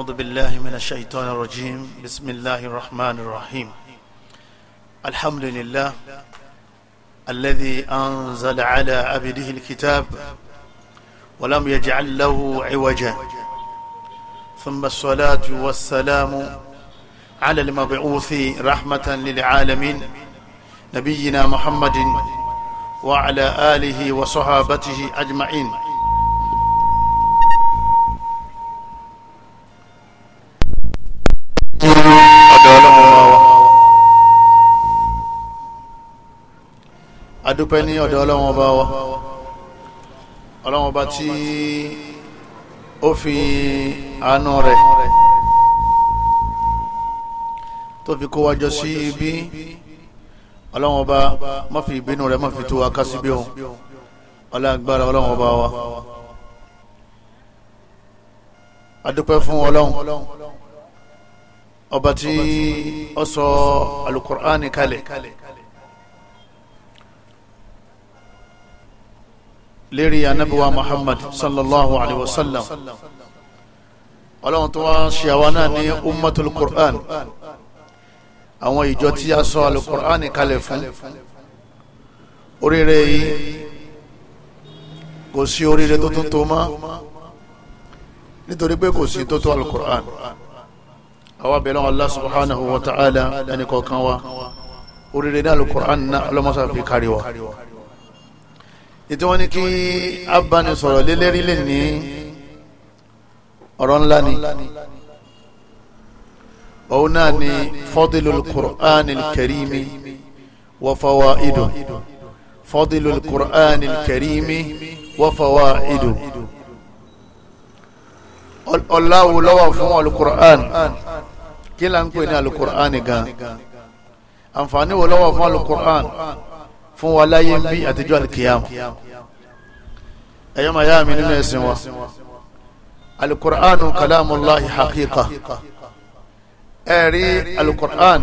أعوذ بالله من الشيطان الرجيم بسم الله الرحمن الرحيم الحمد لله الذي أنزل على عبده الكتاب ولم يجعل له عوجا ثم الصلاة والسلام على المبعوث رحمة للعالمين نبينا محمد وعلى آله وصحابته أجمعين adúpẹ́ ní ọ̀dọ̀ ọlọ́run ọba wa ọlọ́run ọba tí ó fi àánú rẹ̀ tó fi kó wájọ sí ibi ọlọ́run ọba má fi ìbínú rẹ̀ má fi tú wa ká síbí òun ọlágbára ọlọ́run ọba wa adúpẹ́ fún ọlọ́run ọba tí ó sọ alukur'ani kalẹ̀ lérí anábíwá muhammad sallallahu alaihi wasallam ọlọ́run tó wá ń ṣe àwa náà ní ummatul qur'an àwọn ìjọ tí a sọ alukur'an kalẹ̀ fún oríire yìí kò sí oríire tó tún tó mọ́ nítorí pé kò sí tó tó alukur'an àwa bẹ̀rẹ̀ Allah subhanahu wa ta'ala ẹnì kọ̀ọ̀kan wa oríire ní alukur'an náà ọlọ́mọsáfi kárí wa ètò wọn ni kí abánisọ̀rọ̀ lélẹ́rí lè ní ọ̀rọ̀ ńlá ni òun náà ni fadilul qur'anil karimi wa fawaidu fadilul qur'anil karimi wa fawaidu ọláwo lọ́wọ́ fún alukur'an kí la ń pè ní alukur'an gan àǹfààní lọ́wọ́ fún alukur'an fún wa láyé ń bí àtijọ́ alikiyama ẹ̀yọ́ màá yá mi nínú ẹ̀sìn wa alukur'anu kalamullahi haqiqa ẹ̀rí alukur'an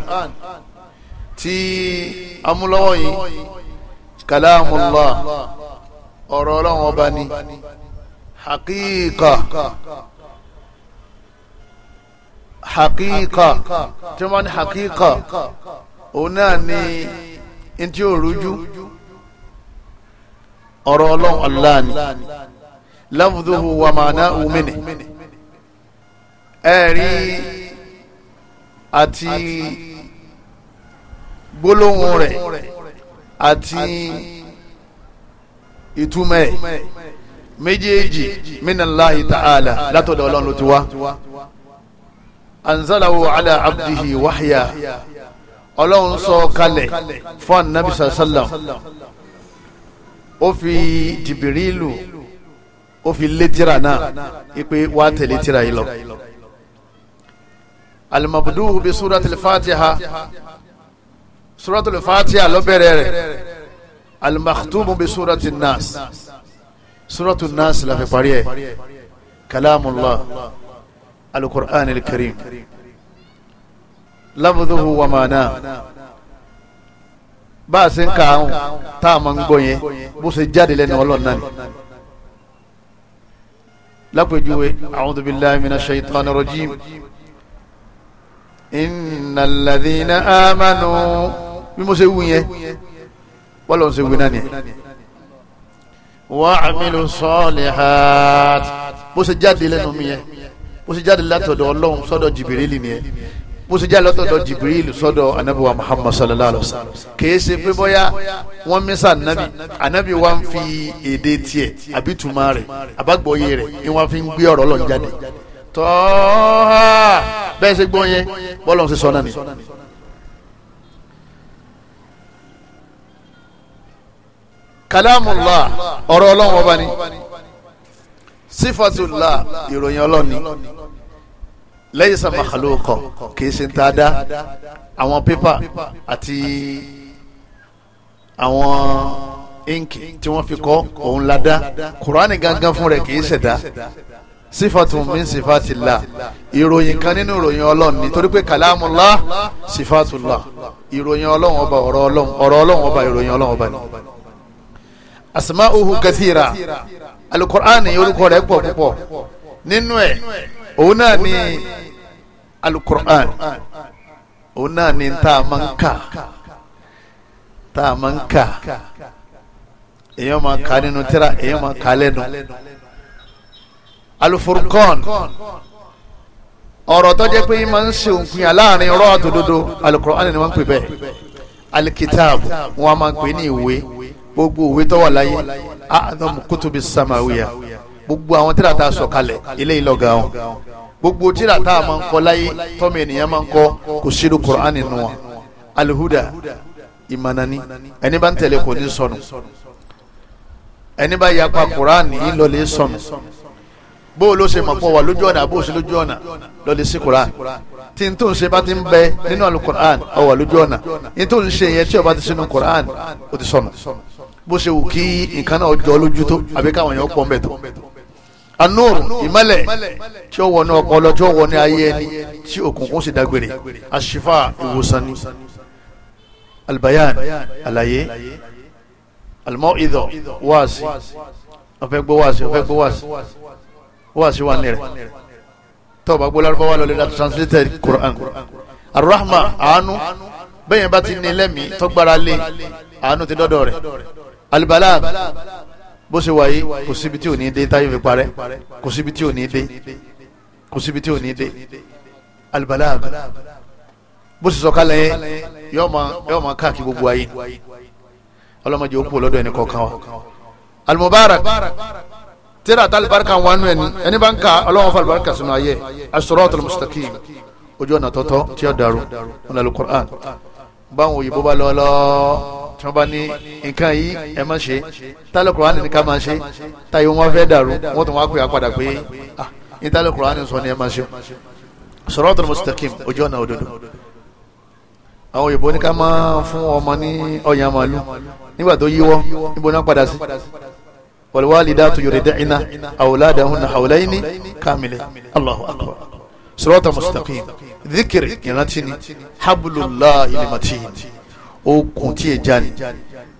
tí amúlọ́wọ́ yìí kalamullah ọ̀rọ̀ ọlọ́run ọba ni haqiqa haqiqa tí wọ́n ní haqiqa òun ni ntí òrújú ọ̀rọ̀ ọlọ́run Allah ni lafzuhu wa ma'nahu minhu ẹ̀rí àti gbólóhùn rẹ̀ àti ìtumẹ̀ méjèèjì minallahi ta'ala látọ̀dọ̀ ọlọ́run ló ti wá anzalahu ala abdihi wahya ọlọ́run sọ kalẹ̀ fún anabi sallallahu ó fi jìbìrìlù ó fi lé tírà náà ipe wá tẹ̀lé tírà yìí lọ alimabudu bi suratul fatiha suratul fatiha ló bẹ̀rẹ̀ rẹ̀ alimakutubu bi suratul nas suratul nas la fi parí ẹ̀ kalamullah alukur'an alkarim labduhu wa bá a ṣe ń ka àwọn tá a máa ń gbọ́ yẹn bó ṣe jáde lẹ́nu ọlọ́run náà ni. lápèjúwe a'udhu billahi minash shaitani rajim innal ladhina amanu bí mo ṣe wù yẹn wọ́n lọ́n ṣe wù wa amilu salihat bó ṣe jáde lẹ́nu mi yẹn bó ṣe jáde látọ̀dọ̀ ọlọ́run sọ́dọ̀ Jibril nìyẹn bó ṣe jẹ́ jibril sọ́dọ̀ anabi wa muhammad sallallahu alayhi wa sallam kìí ṣe pé bóyá wọ́n mísà anabi anabi wa ń fi èdè tiẹ̀ àbí tuma rẹ̀ àbágbọ́yé rẹ̀ ni wọ́n fi ń gbé ọ̀rọ̀ lọ́n jáde tọ́ha bẹ́ẹ̀ ṣe gbọ́ yẹn bọ́lọ̀ ń sọ náà ni. kalamullah ọ̀rọ̀ ọba ni sifatullah ìròyìn ọlọ́run ni laysa makhluqan kìí ṣe ń ta dá àwọn pépà àti àwọn ínkì tí wọ́n fi kọ́ òun la kùránì gangan fún rẹ̀ kìí ṣẹ̀dá sífàtún min sífàtìlá ìròyìn kan nínú ìròyìn ọlọ́run nítorí pé kàlámùlá sífàtùlá ìròyìn ọlọ́run ọba ọ̀rọ̀ ọlọ́run ọba ìròyìn ọlọ́run ọba ni. asma'uhu kathira alukur'ani orúkọ rẹ̀ pọ̀ púpọ̀ nínú ẹ̀ òun náà ni alukur'an òun náà ni tá a máa ń kà tá a máa ń kà èèyàn máa kà nínú tíra èèyàn máa kà lẹ́nu alufurukan ọ̀rọ̀ tó jẹ́ pé yín máa ń ṣe òǹkùnyà láàrin ọ̀rọ̀ alukur'an ni wọ́n ń pè bẹ́ẹ̀ wọn a máa ń pè ní ìwé gbogbo ìwé tó wà láyé kutubi samawiya gbogbo àwọn tíra tá a sọ kalẹ̀ ilé ìlọgà wọn gbogbo tíra tá a máa ń kọ láyé tọ́mọ ènìyàn máa ń kọ kò sínú Qur'an nínú wa alihuda ìmọ̀nani ẹni bá ń tẹ̀lé kò ní sọnù ẹni bá yapa Qur'an yìí lọ́lẹ̀ sọnù bó o ló ṣe mọ̀ pọ̀ wà lójú ọ̀nà àbó o ṣe lójú ọ̀nà lọ́lẹ̀ sí Qur'an tí n tó ń ṣe bá ti ń bẹ nínú àlù Qur'an ọ wà lójú ọ̀nà n tó ń ṣe yẹn tí o bá ti sínú Qur'an o ti sọnù bó ṣe wù kí nǹkan náà jọ lójú tó àbí káwọn yẹn ó pọ̀ ń bẹ̀ tó anúrù ìmọ́lẹ̀ tí ó wọnú ọpọlọ tí ó wọnú ayé ẹni tí òkùnkùn sì dágbére àṣìfà ìwòsàn ni albayan àlàyé alimọ idọ wáàsí ọfẹ gbọ́ wáàsí ọfẹ gbọ́ wáàsí wáàsí wà ní rẹ tọba gbọlárúbáwá lọlẹ dàtú translated Quran arahma àánú bẹyẹn bá ti ní lẹmí tọgbára lé àánú ti dọdọ rẹ alibala bó ṣe wáyé kò síbi tí ò ní dé táyé fi parẹ́ kò síbi tí ò ní dé kò síbi tí ò ní dé albalag bó ṣe sọ̀kalẹ̀ yẹn yóò máa káàkiri gbogbo ayé ọlọ́mọdé ó kú ẹni kọ̀ọ̀kan wa almubarak tírà tá alibarika wà nù ẹni ẹni bá ń ka ọlọ́wọ́n fún alibarika sínú ayé asiratul mustaqim ojú ọ̀nà tọ́tọ́ tí ó dàrú ọ̀nà alukur'an báwọn òyìnbó bá lọ́ọ́ lọ́ọ́ tí wọ́n bá ní nǹkan yìí ẹ má ṣe tálẹ̀ kùránì ní ká má ṣe táyé wọn fẹ́ dàrú wọ́n tún wá pè á padà pé ah ní tálẹ̀ kùránì sọ ni ẹ má ṣe siratul mustaqim ojú ọ̀nà òdodo àwọn òyìnbó ní ká máa fún ọmọ ní ọyàn màálù nígbà tó yíwọ́ níbo náà padà sí walwalidatu yuridina awladahunna hawlaini kamile allahu akbar sirata mustaqim dhikr yanatini hablullah ilmatin okùn tí èjà ni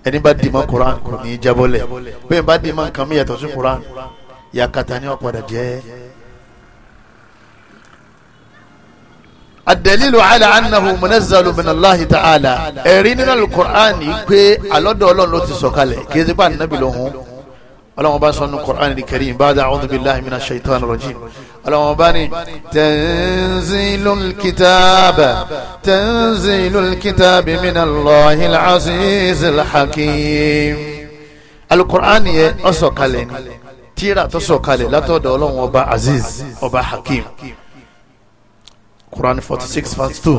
ẹni bá dì mọ́ koran kò ní í jábọ́lẹ̀ bẹ́ẹ̀ bá dì mọ́ nǹkan mi yàtọ̀ sí koran yakata ni wọ́n padà jẹ́. adalilu ala anahu munazzalu min allahi ta'ala ẹ̀rí nínú alukur'an yìí pé alọ́dọ̀ ọlọ́run ló ti sọ̀kalẹ̀ kí ẹsẹ̀ bá nàbì lọ́hùn ọlọ́run bá sọ nínú kur'an ní karim ba'da a'udhu billahi minash shaitanir rajim ọlọ́wọ́n bá ní tanzilul kitab tanzilul kitab minallahil azizil hakim alukur'an yẹ ó sọ̀kalẹ̀ ni tíra tó sọ̀kalẹ̀ látọ̀dọ̀ ọlọ́wọ́n ọba aziz ọba hakim quran forty six verse two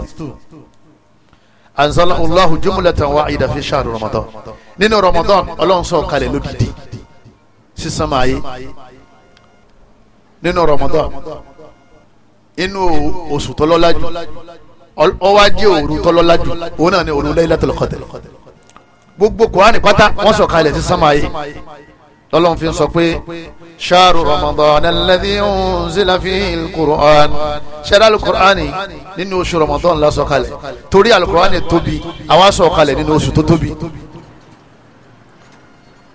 anzala allahu jumlatan wahida fi shahri ramadan nínú ramadan ọlọ́wọ́n sọ̀kalẹ̀ lódìdí sísan máa yé nínú Ramadan inú oṣù tọ́lọ́lá jù ọwájú òru tọ́lọ́lá jù òun náà ni òru Laylatul Qadr gbogbo kòránì pátá wọ́n sọ kalẹ̀ sí sámà yìí lọ́lọ́run fi sọ pé ṣáàrù Ramadan alladhi unzila fihil Qur'an ṣẹ́dá alukur'ani nínú oṣù Ramadan la sọ kalẹ̀ torí alukur'ani tóbi àwa sọ kalẹ̀ nínú oṣù tó tóbi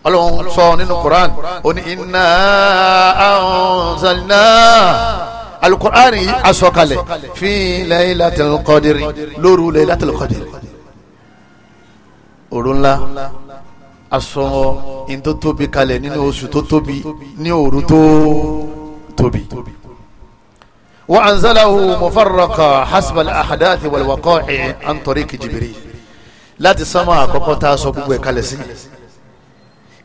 ọlọ́run sọ nínú Qur'an ó ní inna anzalna alukur'an yìí asọ̀kalẹ̀ fi laylatil qadri lóru laylatil qadri òru ńlá asọ in tó tóbi kalẹ̀ nínú oṣù tó tóbi ní òru tó tóbi wa anzalahu mufarraka hasbal ahadathi wal waqa'i an tariqi Jibril láti sánmà àkọ́kọ́ tá a sọ gbogbo ẹ̀ kalẹ̀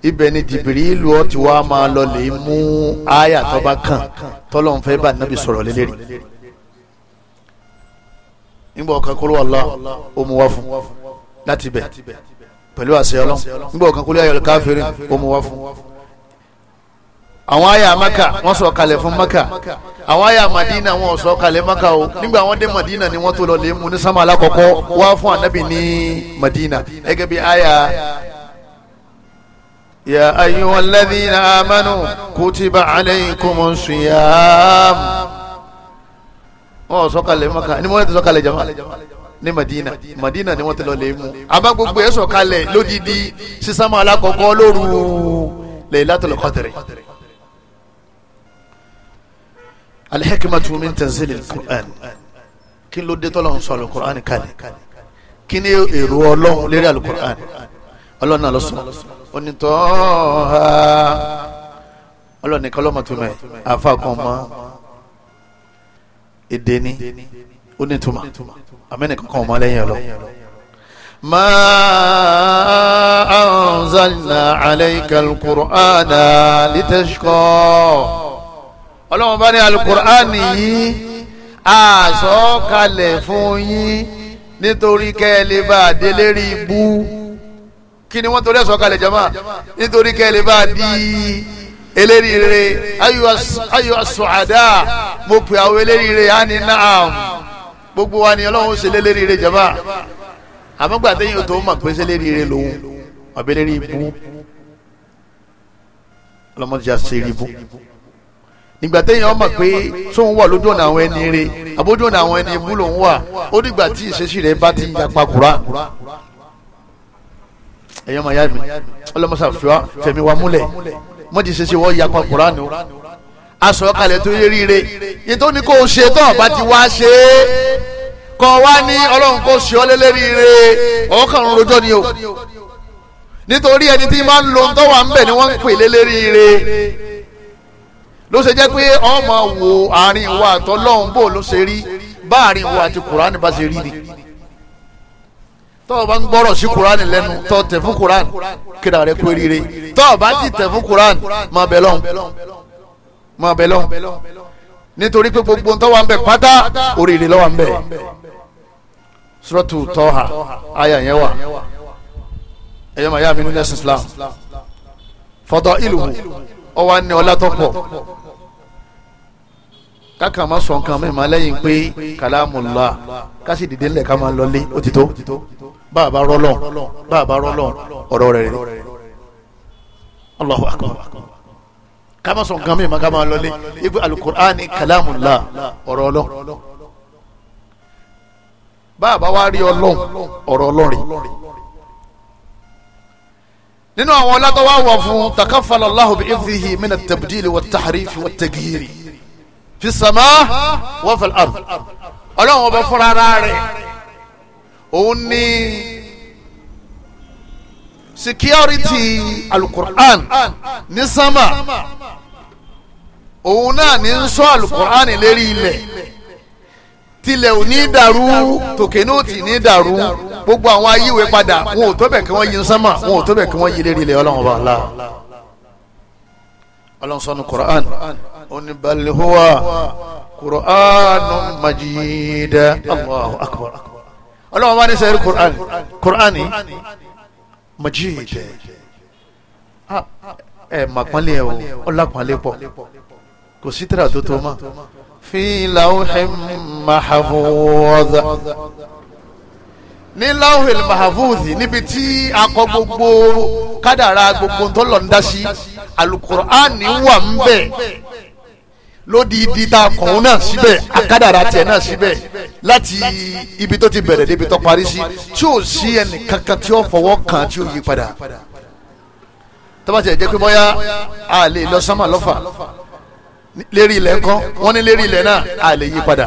ibẹ̀ ni jìbìrìlù ọ ti wá máa lọ lè mú àyà tọ́ba kan tọ́lọ́n fẹ́ bá nàbì sọ̀rọ̀ lélẹ́rì nígbà ọ̀kan kúrò wàlá omi wá fún láti bẹ̀ pẹ̀lú àṣẹ ọlọ́n nígbà ọ̀kan kúrò ayọ̀lẹ̀ káfírin omi wá fún. àwọn àyà maka wọ́n sọ̀ kalẹ̀ fún maka àwọn àyà madina wọ́n sọ̀ kalẹ̀ maka o nígbà wọ́n dé madina ni wọ́n tó lọ lè mú ní sámà alákọ̀ọ́kọ́ wá fún ànábì ní madina gẹ́gẹ́ bí àyà. يا أيها الذين آمنوا كتب عليكم الصيام wọ́n oh, sọ̀kalẹ̀ maka ni wọ́n ti sọ̀kalẹ̀ jama ní madina madina ni wọ́n ti lọ lè mú àmọ́ gbogbo ẹ̀ sọ̀kalẹ̀ lódìdí sísánmà alákọ̀ọ́kọ́ lóru Laylatul Qadr al-hikmatu min tanzilil Qur'an kí ló dé tọ́lọ́ sọ̀rọ̀ Qur'an kalẹ̀ kí ni èrò ọlọ́run lérí al ọlọ́run náà lọ́sọ̀rọ̀ onítọ́ ha ọlọ́nìkan lọ́mọ̀túmọ̀ ẹ̀ àfa kan mọ́ èdè ni onítùmọ̀ amẹ́nìkan kan mọ́ ma anzalna alayka alqur'ana litashqa ọlọ́run bá ní alqur'ani yìí àsọ̀kalẹ̀ fún yín nítorí kẹ́ ẹ lè bá délé rí ibú kí ni wọ́n torí ẹ̀sọ́ kalẹ̀ jama nítorí kẹ́lẹ́ bá di eléríire ayò asuada mo pè àwọn eléríire á ní naam gbogbo wa ni ọlọ́run ṣe léríire jama àmọ́gbà téèyàn tó mọ̀ pé sẹ́léríire lòun àbẹ́lẹ́rí ibú ọlọ́mọdé já sí ibú nígbà téèyàn mọ̀ pé tóun wà lójú ọ̀nà àwọn ẹni rẹ̀ àbójú ọ̀nà àwọn ẹni ibú lòun wà ó dìgbà tí ìṣesí rẹ̀ bá ti yapa kura ẹ̀yọ́ máa yá mi ọlọ́mọsà fẹ̀mí wa múlẹ̀ mo ti ṣe ṣe wọ́n yapa Kùránì o aṣọ kalẹ̀ tó yé ríire yìí tó ní o ṣe tó ọba ti wá ṣe é kọ́ wá ní ọlọ́run kó ṣe ọ́ lélẹ́ ríire ọ̀ọ́kàn rojọ́ ni o nítorí ẹni tí máa ń lo ń tọ́wà ń bẹ̀ ni wọ́n ń pè lélẹ́ ríire ló ṣe jẹ́ pé ọmọ wo àárín ìwà àtọ́lọ́hún bò ló ṣe rí bá àárín ìwà àti Kùránì bá ṣe rí ni tọ́ọ̀ bá ń gbọ́rọ̀ sí kuran lẹ́nu tọ́ọ̀ tẹ̀ fún kuran kíra rẹ pé rire tọ́ọ̀ bá ti tẹ̀ fún kuran máa bẹ̀ lọ́hùn máa bẹ̀ lọ́hùn nítorí pé gbogbo ń tọ́wọ́ ń bẹ̀ pátá oríire lọ́wọ́ ń bẹ̀ suratu tọ́ha aya yẹn wà ẹ̀yọ́ màá yá mi nílẹ̀ islam fọ́tọ̀ ìlú ọwọ́ ni ọlá tó pọ̀ káka ma sọ nǹkan mẹ́ma lẹ́yìn pé kalamullah kásìdìdínlẹ̀ ká máa lọlé ó ti tó bàbá rọlọ bàbá rọlọ ọ̀rọ̀ rẹ̀ rẹ̀ Allahu akbar kama sọn gan mi ma kama lọle ibi alukur'ani kalamula ọ̀rọ̀ lọ bàbá wa rí ọlọ ọ̀rọ̀ lọrin nínú àwọn ọlọ́dọ̀wá wà fún takafala Allahu bi ifdihi mina tabdili wa tahrifi wa tagiri fi sama wa fil ọlọ́run ọbẹ̀ fúnra rẹ̀ òun ní security alukur'an ní sámà òun náà ní ń sọ alukur'an lérí ilẹ̀ tilẹ̀ ò ní dàrú tòkè náà tì ní dàrú gbogbo àwọn ayíwe padà wọn ò tó bẹ̀ kí wọ́n yí sámà wọn ò tó bẹ̀ kí wọ́n yí lérí ilẹ̀ ọlọ́run ọba ńlá ọlọ́run sọ́nu kur'an oni bal huwa kur'anun majid Allahu akbar akbar ọlọ́wọ́ bá ní sẹ́rí Qur'an Qur'an ni majid ẹ màpánlé ẹ o ọlápánlé pọ kò sí tíra tó tó mọ. fi lawhin mahfuz ní lawhin mahfuz níbi tí akọ gbogbo kádàrá gbogbo ntọ́lọ̀ ń dá wà ń bẹ̀ lódìdí di a kàn ó náà síbẹ̀ àkádàrà tiẹ̀ náà síbẹ̀ láti ibi tó ti bẹ̀rẹ̀ débi tó parí sí tí ò sí ẹnì kankan tí ó fọwọ́ kàn tí ó yí padà tọ́bàtì ẹ̀jẹ̀ pé bọ́yá a lè lọ sánmà lọ́fà lérí ilẹ̀ ńkọ́ wọ́n ní lérí ilẹ̀ náà a lè yí padà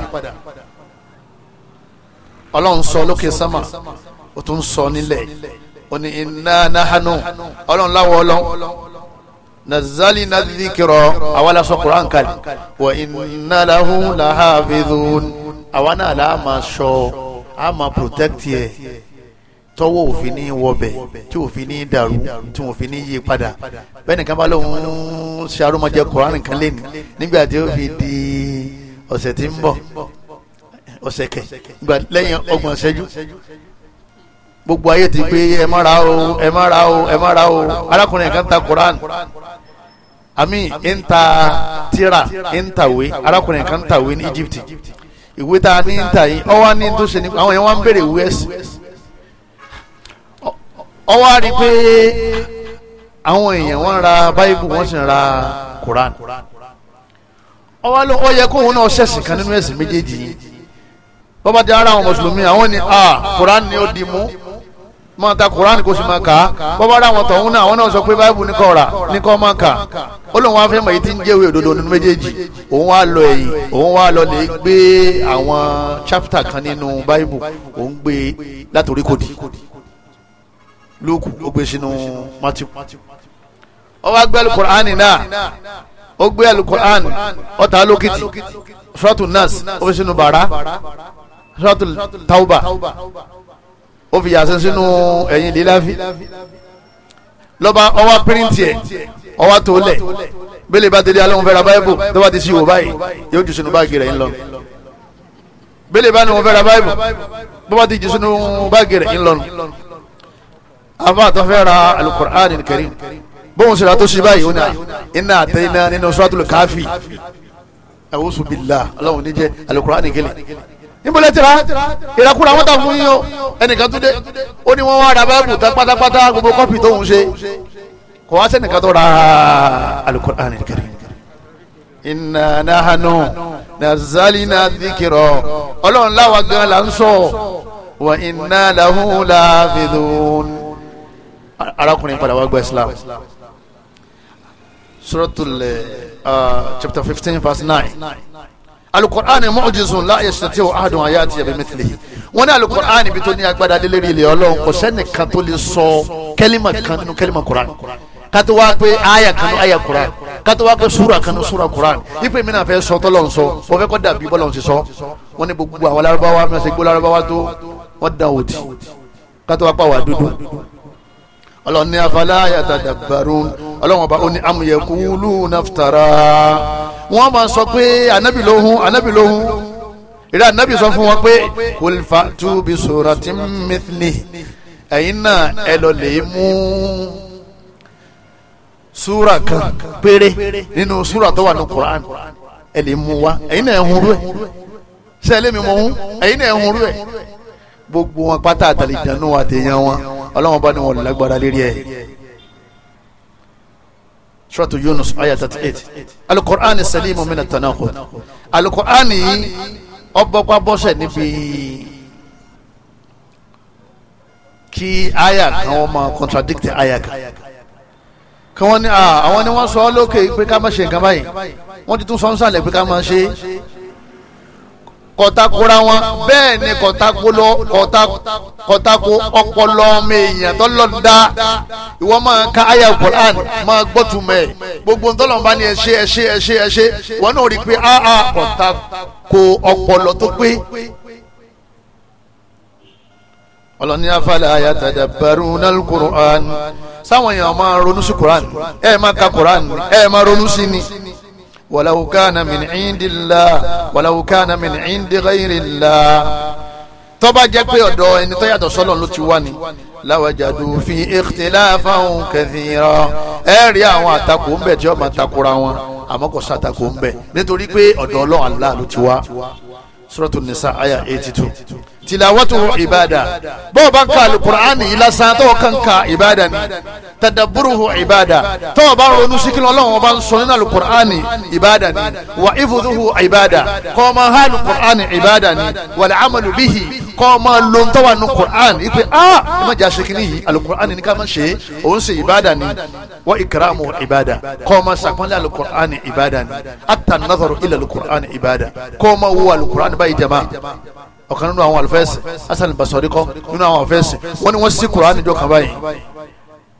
ọlọ́run sọ lókè sánmà ó tún sọ nílẹ̀ ó ní iná náhánu ọlọ́run láwọ̀ ọlọ́run. نزلنا nadhikirọ àwa la sọ kuran kali wa inna lahu لا ما شو la ma sọ a ma protect yẹ tọwọ́ òfin ní wọbẹ̀ tí òfin ní dàrú tí òfin ní yí padà bẹ́ẹ̀ni kan bá lóun ṣàrùmọ̀jẹ kuran kan lẹ́nu nígbà tí ó fi di ọ̀sẹ̀ tí ń bọ̀ ọ̀sẹ̀ kẹ̀ lẹ́yìn ọgbọ̀n ṣẹ́jú gbogbo ayé ti pé ẹ má ra o ẹ má ra o ẹ má ra o arákùnrin kan ta kuran àmì ń ta tíra ń tàwé arákùnrin kan ń tàwé Egypt ìwé tá a ní ń tà yìí ọwọ́ ní tó ṣe ní àwọn yẹn wọ́n ń béèrè ìwé ẹ̀sìn ọwọ́ rí pé àwọn èèyàn wọ́n ra Bible wọ́n sì ra Quran ọwọ́ ló yẹ kó òun náà ṣẹ̀sìn kan nínú ẹ̀sìn méjèèjì yìí bọ́bá di ara àwọn mùsùlùmí àwọn ni a ni ó di mú máa ta Koran kó sì máa kà á bọ́bá rà wọn tọ̀hún náà àwọn náà sọ pé báyìbù ní kọ́ ra ní kọ́ máa kà ó lóun wá fẹ́ mọ̀ èyí tí ń jẹ́wé òdodo nínú méjèèjì òun wá lọ ẹ̀yìn òun wá lọ lè gbé àwọn chápítà kan nínú báyìbù òun gbé látòrí kòdì lóòkù ó gbé sínú Mátíù ó wá gbé Kùránì náà ó gbé alukur'an ó lókìtì suratul nas ó fi sínú bàrá suratul tauba ó fi yàsẹ́ sínú ẹ̀yìn líláfi lọ́ba ọwá píríntì ẹ̀ ọwá tó lẹ̀ bẹ́lẹ̀ bá tẹ̀lé alẹ́ òun fẹ́ ra báyìbù tó bá ti sí ìwò báyìí yóò jù sínú báàgì rẹ̀ ń lọ bẹ́lẹ̀ bá ní òun fẹ́ ra báyìbù bó bá ti jù sínú báàgì rẹ̀ ń lọ àfa àtọ́ fẹ́ ra alukur'an karim bóun sì ra tó sí báyìí ó ní iná àtẹ́yìnà nínú suratul káfí a'udhu billah ọlọ́run níjẹ́ alukur'an kẹlẹ̀ níbole tira ìrakúra wọn ta fún yín o ẹnìkan tó dé ó ní wọn wá ra báyìí tán pátápátá gbogbo kọ́pì tó ń ṣe kò wá sẹ́nìkan tó ra alukur'an karim inna nahanu nazalina dhikra ọlọ́run láwa gan la ń sọ wa inna lahu lafidun arákùnrin padà wá gba islam suratul uh, chapter fifteen verse nine alukur'ani mu'jizun la yastati ahadun ayati yabi mitlihi wọn ní alukur'ani bi tó ní agbada lélẹ́rì ilẹ̀ ọlọ́run kò sẹ́ni kan tó lè sọ kẹ́límà kan nínú kẹ́límà kuran kátó wá pé aya kan aya kuran kátó wá pé sura kan sura kuran ipe mi náà fẹ́ sọ tọ́lọ̀ sọ wọ́n fẹ́ kọ́ dàbí bọ́lọ̀ ti sọ wọ́n ní gbogbo àwọn larubawa mi náà ṣe gbó tó wọ́n da òdì kátó wá pa wà dúdú ọlọ́ni afalaya tadabbarun ọlọ́wọ́n bá ó ní amuyẹ̀kú lù náfitara wọ́n máa sọ pé anabi ló hun anabi ló hun ìrẹ́ anabi sọ fún wọn pé kòlìfà tú bí sòrò tí mẹ́tìlì ẹ̀yin náà ẹ lọ lè mú súra kan péré nínú súra tó wà ní Qur'an ẹ lè mú wa ẹ̀yin náà ẹ hun rú ẹ ṣé ẹ lè mi mọ hun náà ẹ hun rú ẹ gbogbo wọn pátá àtàlẹ̀ ìdáná àtẹ̀yàn wọn ọlọ́wọ́n bá ní wọn lágbára lérí ẹ̀ suratu yunus ayah thirty eight alukur'an salimu mina tanako alukur'an yìí ọgbọ́pá bọ́sẹ̀ níbi kí aya kan wọ́n máa contradict aya kan kí wọ́n ní ah, àwọn ni wọ́n sọ ọ́ lókè pé ká má ṣe nǹkan báyìí wọ́n ti tún sọ́nsálẹ̀ pé ká má ṣe kọtakora wọn bẹ́ẹ̀ ni kọtakolo kọtako ọpọlọ ọmọ èèyàn tọlọdá ìwọ máa ka aya Quran máa gbọtumẹ gbogbo ntọlọmọba ni ẹ ṣe ẹ ṣe ẹ ṣe ẹ ṣe wọn náà rí i pé aa kọtako ọpọlọ tó pé ọlọ́ni afálẹ̀ ayatada barun al-Quran sáwọn èèyàn máa ronú sí Quran ẹ máa ka Quran ẹ máa ronú sí ni walau kana min indillah walau kana min indi ghayrillah tó bá jẹ́ pé ọ̀dọ̀ ẹni tó yàtọ̀ sọ́lọ̀ ló ti wá ni lawajadu fi ikhtilafan kathira ẹ rí àwọn àtakò ń bẹ tí ó máa takora wọn àmọ́ kò sàtakò ń bẹ nítorí pé ọ̀dọ̀ Ọlọ́run Allah ló ti wá Suratu Nisa aya eighty two tilawatu ibada bó bá ń ka alukur'ani yìí lásán tó kàn ka ibada ni tadaburuhu ibada tó bá ń ronú síkìlì ọlọ́run bá ń sọ alukur'ani ibada ni wa ifuduhu ibada kó máa ha alukur'ani ibada ni wàlẹ̀ amalu bihi kó máa lo tó kur'an ipe ah ẹ má jà síkìlì yìí alukur'ani ni ká má ṣe òun ṣe ibada ni wa ikiramu ibada kó máa sàkpọ́nlé alukur'ani ibada ni ata nazaru ilẹ̀ alukur'ani ibada kó máa wo alukur'ani bayi jama ọ̀kan nínú àwọn alifẹ́sì hasan basori kọ́ nínú àwọn alifẹ́sì wọ́n ní wọ́n sí kuraani jọ kaba yìí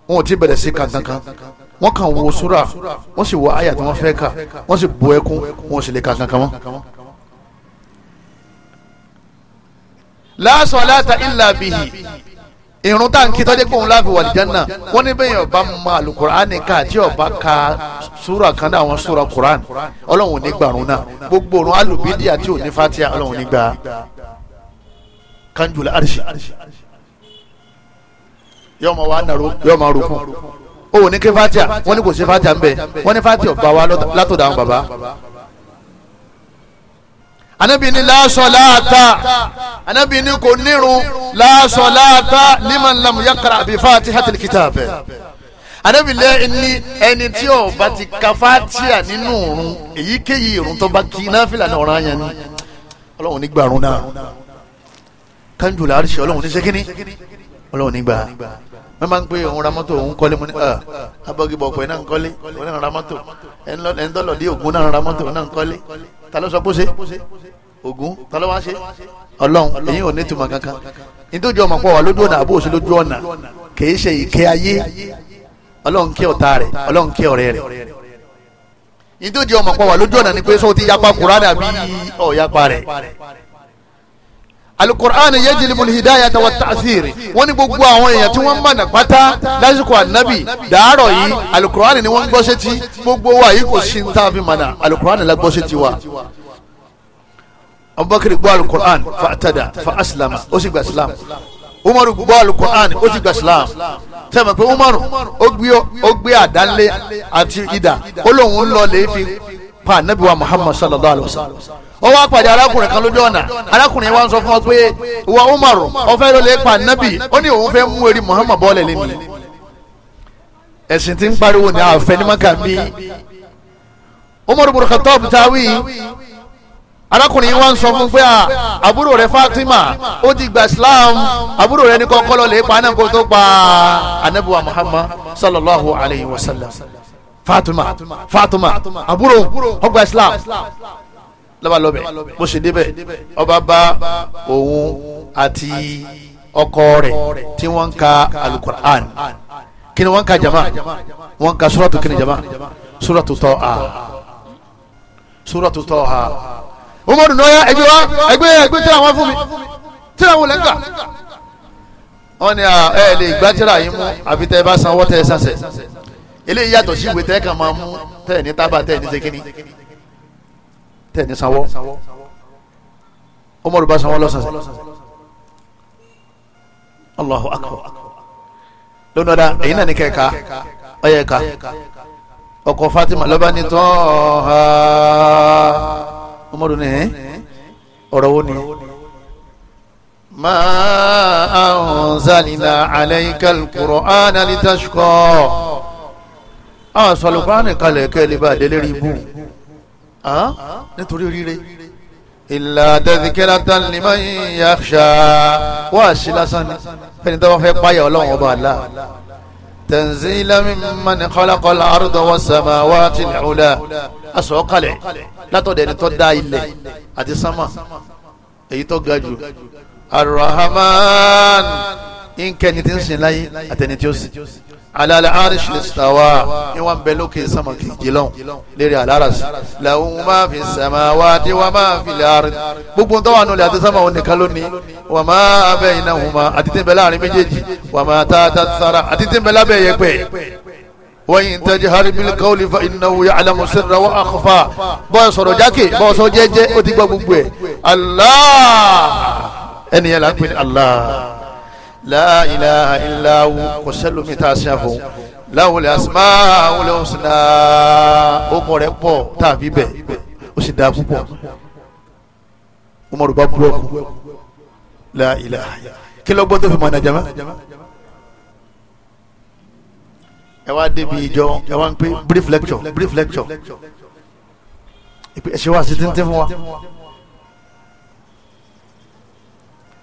wọn ò tí bẹ̀rẹ̀ sí kankankan wọ́n kàn wo sura wọ́n sì wo àyà tí wọ́n fẹ́ kà wọ́n sì bu ẹkún wọ́n sì lè kankankan mọ́. la salata illa bihi irun tá n kí tọ́jú pé òun láfi wà lìjánná wọ́n ní bẹ́ẹ̀ ọba ma alukur'ani ká àti ọba ka sura kan náà àwọn sura kur'an ọlọ́run ò ní gbàrún náà gbogbo òrùn alùbídìí àti òní fatia ọlọ́run ò ní gbà á kanjul arshi yóò máa wà nàró yóò máa rò fún o ò ní ké fatia wọ́n ní kò sí fatia nbẹ wọ́n ní fatia ọba wa látọ̀dọ̀ àwọn baba anabi ni laasọ laata anabi ni kò nírun laasọ laata liman lam yakara abi fatihatil kitab anabi lẹ ni ẹni tí ó bá ti ka fatia nínú òrun èyíkéyìí òrun tó bá kí náfìlà náà ọ̀ràn yẹn ni ọlọ́run nígbà rún náà kanjú la àríṣẹ́ ọlọ́run ní sẹ́kínní ọlọ́run nígbà wọ́n máa ń pè òun ramọ́tò òun kọ́lé mu ní ẹ̀ abọ́gibọ̀ pẹ̀ náà ń kọ́lé òun náà ramọ́tò ẹ̀ńdọ́lọ́dí ògùn náà ramọ́tò òun náà ń kọ́lé ta ló sọ pé ó ṣe ògùn ta ló wá ṣe ọlọ́run èyí ò ní ìtumọ̀ kankan nítorí ọmọ pọ̀ wà lójú ọ̀nà àbó òṣèlú lójú ọ̀nà kìí ṣe ìkẹ́ ayé ọlọ́run kí ọ̀tá rẹ̀ ọlọ́run kí ọ̀rẹ́ rẹ̀ nítorí ọmọ pọ̀ wà lójú ọ̀nà ni pé sọ́ọ́ ti yapa kúránì àbí ọ̀yapa rẹ̀ alukur'an yajibu hidayata wa ta'siri wọ́n ní gbogbo àwọn èèyàn tí wọ́n mọ̀nà pátá lásìkò ànábì dàárọ̀ yìí alukur'an ni wọ́n gbọ́ sétí gbogbo wa yìí kò sí ní tá a fi mọ̀nà alukur'an la gbọ́ sétí wa. abubakar gbọ́ alukur'an fa atada fa asilama ó sì gba islam umaru gbọ́ alukur'an ó sì gba islam sẹ́mi pé umaru ó gbé àdánlé àti idà ó lóun lọ lè fi pa anabi wa muhammad sallallahu alaihi wasallam. sallam ó wá pàdé arákùnrin kan lójú ọ̀nà arákùnrin wa ń sọ fún ọ pé wa umar ọfẹ́ ló lè pa anabi ó ní òun fẹ́ mú eri muhammad bọ́ọ̀lẹ̀ lẹ́nu ẹ̀sìn tí ń pariwo ní àfẹ́ ní maka bí umar bin khattab tawi arákùnrin wa ń sọ fún pé àbúrò rẹ fatima ó ti gba islam àbúrò rẹ ní kọ́kọ́ lọ lè pa anabi tó pa anabi wa muhammad sallallahu alaihi wa sallam. Fatuma, Fatuma, àbúrò ọgbà islam labalọbẹ bó ṣe débẹ̀ ọba bá òun àti ọkọ rẹ̀ tí wọ́n ń ka alukur'an kí ni wọ́n ń ka jama wọ́n ń ka suratu kí ni jama suratu Taha suratu Taha umaru nọya ẹgbẹ wa ẹgbẹ ẹgbẹ tí àwọn fún mi tí àwọn lẹ́ńkà wọ́n ní ẹ lè gbàtìrà yín mú àbí tẹ́ bá sanwó tẹ́ sánsẹ̀ eléyìí yàtọ̀ sí ìwé tẹ́ẹ̀kan máa mú tẹ́ẹ̀ ní tábà tẹ́ẹ̀ ní sekini tẹ́ẹ̀ ní sanwó Umaru bá sanwó lọ́sàn-án Allahu akbar lónàdà èyí náà ní kẹ́ẹ̀ka ọ̀yẹ̀ka ọkọ̀ Fatima lọ́ba ní tán ọ̀ha Umaru ní ọ̀rọ̀ wo ni ma anzalina alayka al-Qur'ana litashqa àwọn ah, sọlùkọ́ánì kalẹ̀ kẹ́lẹ̀ bá délé rí bú ah, nítorí ríre ìlà tẹ̀síkẹ́lá tán ní máa ń yà ṣá wà sí lásán ni fẹ́ni tó bá fẹ́ páyà ọlọ́run ọba àlá tanzila mimman khalaqal arda was samawati al-ula asọ̀kalẹ̀ látọ̀dẹ̀ ni tó dá ilẹ̀ àti sánmà èyí tó ga jù arrahman nkẹ́ni tí ń sìn láyé àtẹni tí ó sìn alala arish istawa ni wọn bẹ lókè sama kejì lọ́hùn lérí alarasi làwọn máa fi sama wáàdí wọn máa fi láàrin gbogbo ń tọ́wọ́ ànulẹ̀ àti sama òun nìkan lónìí wọn máa bẹ iná wọn máa àti tẹ̀mbẹ̀ láàrin méjèèjì wọn máa ta ta sara àti tẹ̀mbẹ̀ lábẹ́ yẹpẹ́ wọ́n yìí ń tẹ́jú haribil kawli fa innahu ya'lamu sirra wa akhfa bọ́ọ̀ sọ̀rọ̀ jákè bọ́ọ̀ sọ jẹ́jẹ́ ó ti gbọ́ gbogbo ẹ̀ e. Allah ẹnìyẹn là ń pè ní Allah la ilaha illa hu kò sẹ́lómi tá a ṣe àfọ̀ láwùlẹ̀ àsìmá àwùlẹ̀ òsìnà ọkọ̀ rẹ̀ pọ̀ tàbí bẹ̀ ó sì dáa púpọ̀ umaru bá búrọ́kù la ilaha kí lọ́gbọ́n tó fi mọ̀ nàjàmá ẹ wá débi ìjọ ẹ wá ń pè brief lecture brief lecture ẹ ṣe wá sí tíntín fún wa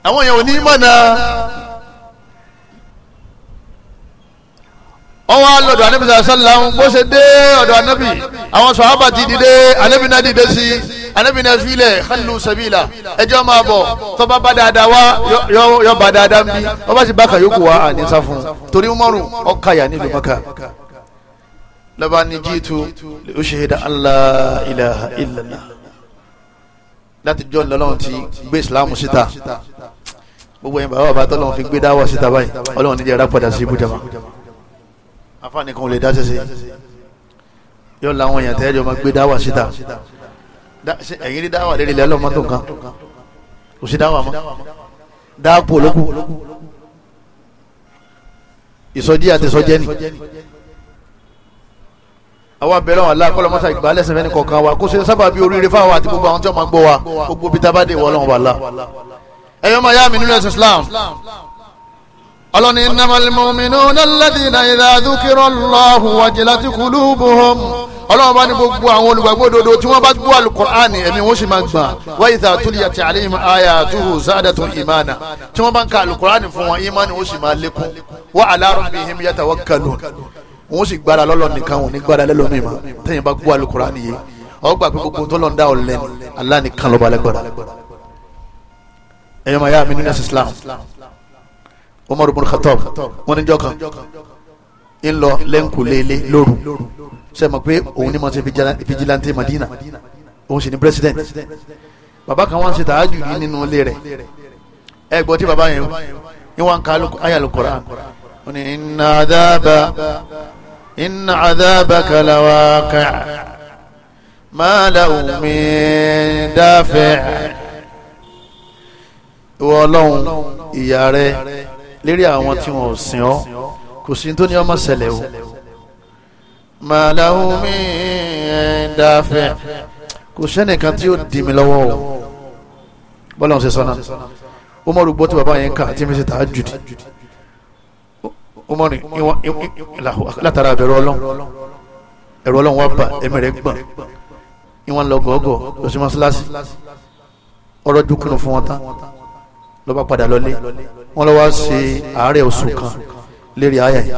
àwọn èèyàn ò ní mọ̀ náà. ọwọ́ lọ́dọ̀ anábìsà sálàm bó ṣe dé ọ̀dọ̀ anábì àwọn sọ̀hábà ti dìde anábì náà dìde sí anábì náà filẹ̀ khallu sabila ẹjọ́ máa bọ̀ tọ́ba bá dáadáa wá yọ bá dáadáa ń bí wọ́n bá sì bá kàyókù wá àníṣà fún un torí mọ́rùn ọkàyà nílùú maka lọ́ba ní jíìtú ó ṣe dá Allah ilaha illallah láti jọ́ lọ́lọ́run ti gbé ìsìlámù síta gbogbo ẹ̀yìn bàbá bàbá tọ́lọ́run fi gbé dáwọ̀ síta báyìí ọlọ́run níjẹ́ rápadà sí ibùjọba àfààní kan ò lè dáṣẹ́ sí yóò láwọn èèyàn tẹ́lẹ̀ ọmọ gbé dáwà síta ẹ̀yìn ní dáwà lérí lẹ́lọ́ mọ́tò kan kò sí dáwà mọ́ dáàpò olókù ìsọjí àti ìsọjẹ́ ni àwọn abẹ́rẹ́ wọn aláàkọ́lọ́ mọ́sá ìgbà lẹ́sẹ̀ fẹ́ni kọ̀ọ̀kan wa kó ṣe sábà bí oríire fáwọn àti gbogbo àwọn tí wọ́n máa gbọ́ wa gbogbo bí tábàdé wọ́n lọ́wọ́ wa la ẹ̀yọ́ máa yá mi nínú ẹ̀sìn Islam ọlọ́ni nàmàlìmọ̀mìnà nàlẹ́dìnà ìdádúkìrọ̀ lọ́hùn wàjìlá ti kùlùbùhùn ọlọ́run bá ní gbogbo àwọn olùgbàgbọ́ òdodo tí wọ́n bá gbọ́ alukur'ani ẹ̀mí wọn sì máa gbà wáyé tá a túlẹ̀ àti àlẹ́yìn àyà àtúhù sáàdàtú ìmánà tí wọ́n bá ń ka alukur'ani fún wọn ìmánà wọn sì máa lékún wọ́n aláàrọ̀ bíi him yàtọ̀ wọ́n kàlù wọn sì gbára lọ́lọ́ nìkan wọn ní gbára lẹ́lọ́mì tẹ́yìn bá Umar ibn Khattab wọn ní jọkan ń lọ lẹ́ńkùlélé lóru ṣe mọ̀ pé òun ni mo ti fijilante Madina òun sì ni president bàbá kan wá ń ṣe tààjù yìí nínú ilé rẹ̀ ẹ gbọ́ tí bàbá yẹn ń wá ń ka ayàlú Qur'an ó ní inna adaba inna adabaka lawaqi' ma lahu min dafi' ìwọ ìyá rẹ̀ lérí àwọn tí wọn ò sìn ọ́ kò sí tó ní ọmọ ṣẹlẹ̀ o. màláhùn mi ẹ̀ dáfẹ́ kò sẹ́nìkan tí ó dì mí lọ́wọ́ o bọ́lá ń ṣe sọ́nà ó mọ̀rù gbọ́ tí bàbá yẹn kà tí mi ṣe tàá jùdì ó mọ̀rù látara ẹ̀rọ ọlọ́run ẹ̀rọ ọlọ́run wá bà ẹ̀mí rẹ̀ gbọ̀n ìwọ̀n lọ gọ́gọ́ lọ sí mọ́ṣáláṣí ọ̀rọ̀ dúkùnú fún wọn tán lọ́ba padà lọlé wọ́n lọ wá ṣe àárẹ̀ oṣù kan lérí àyà yìí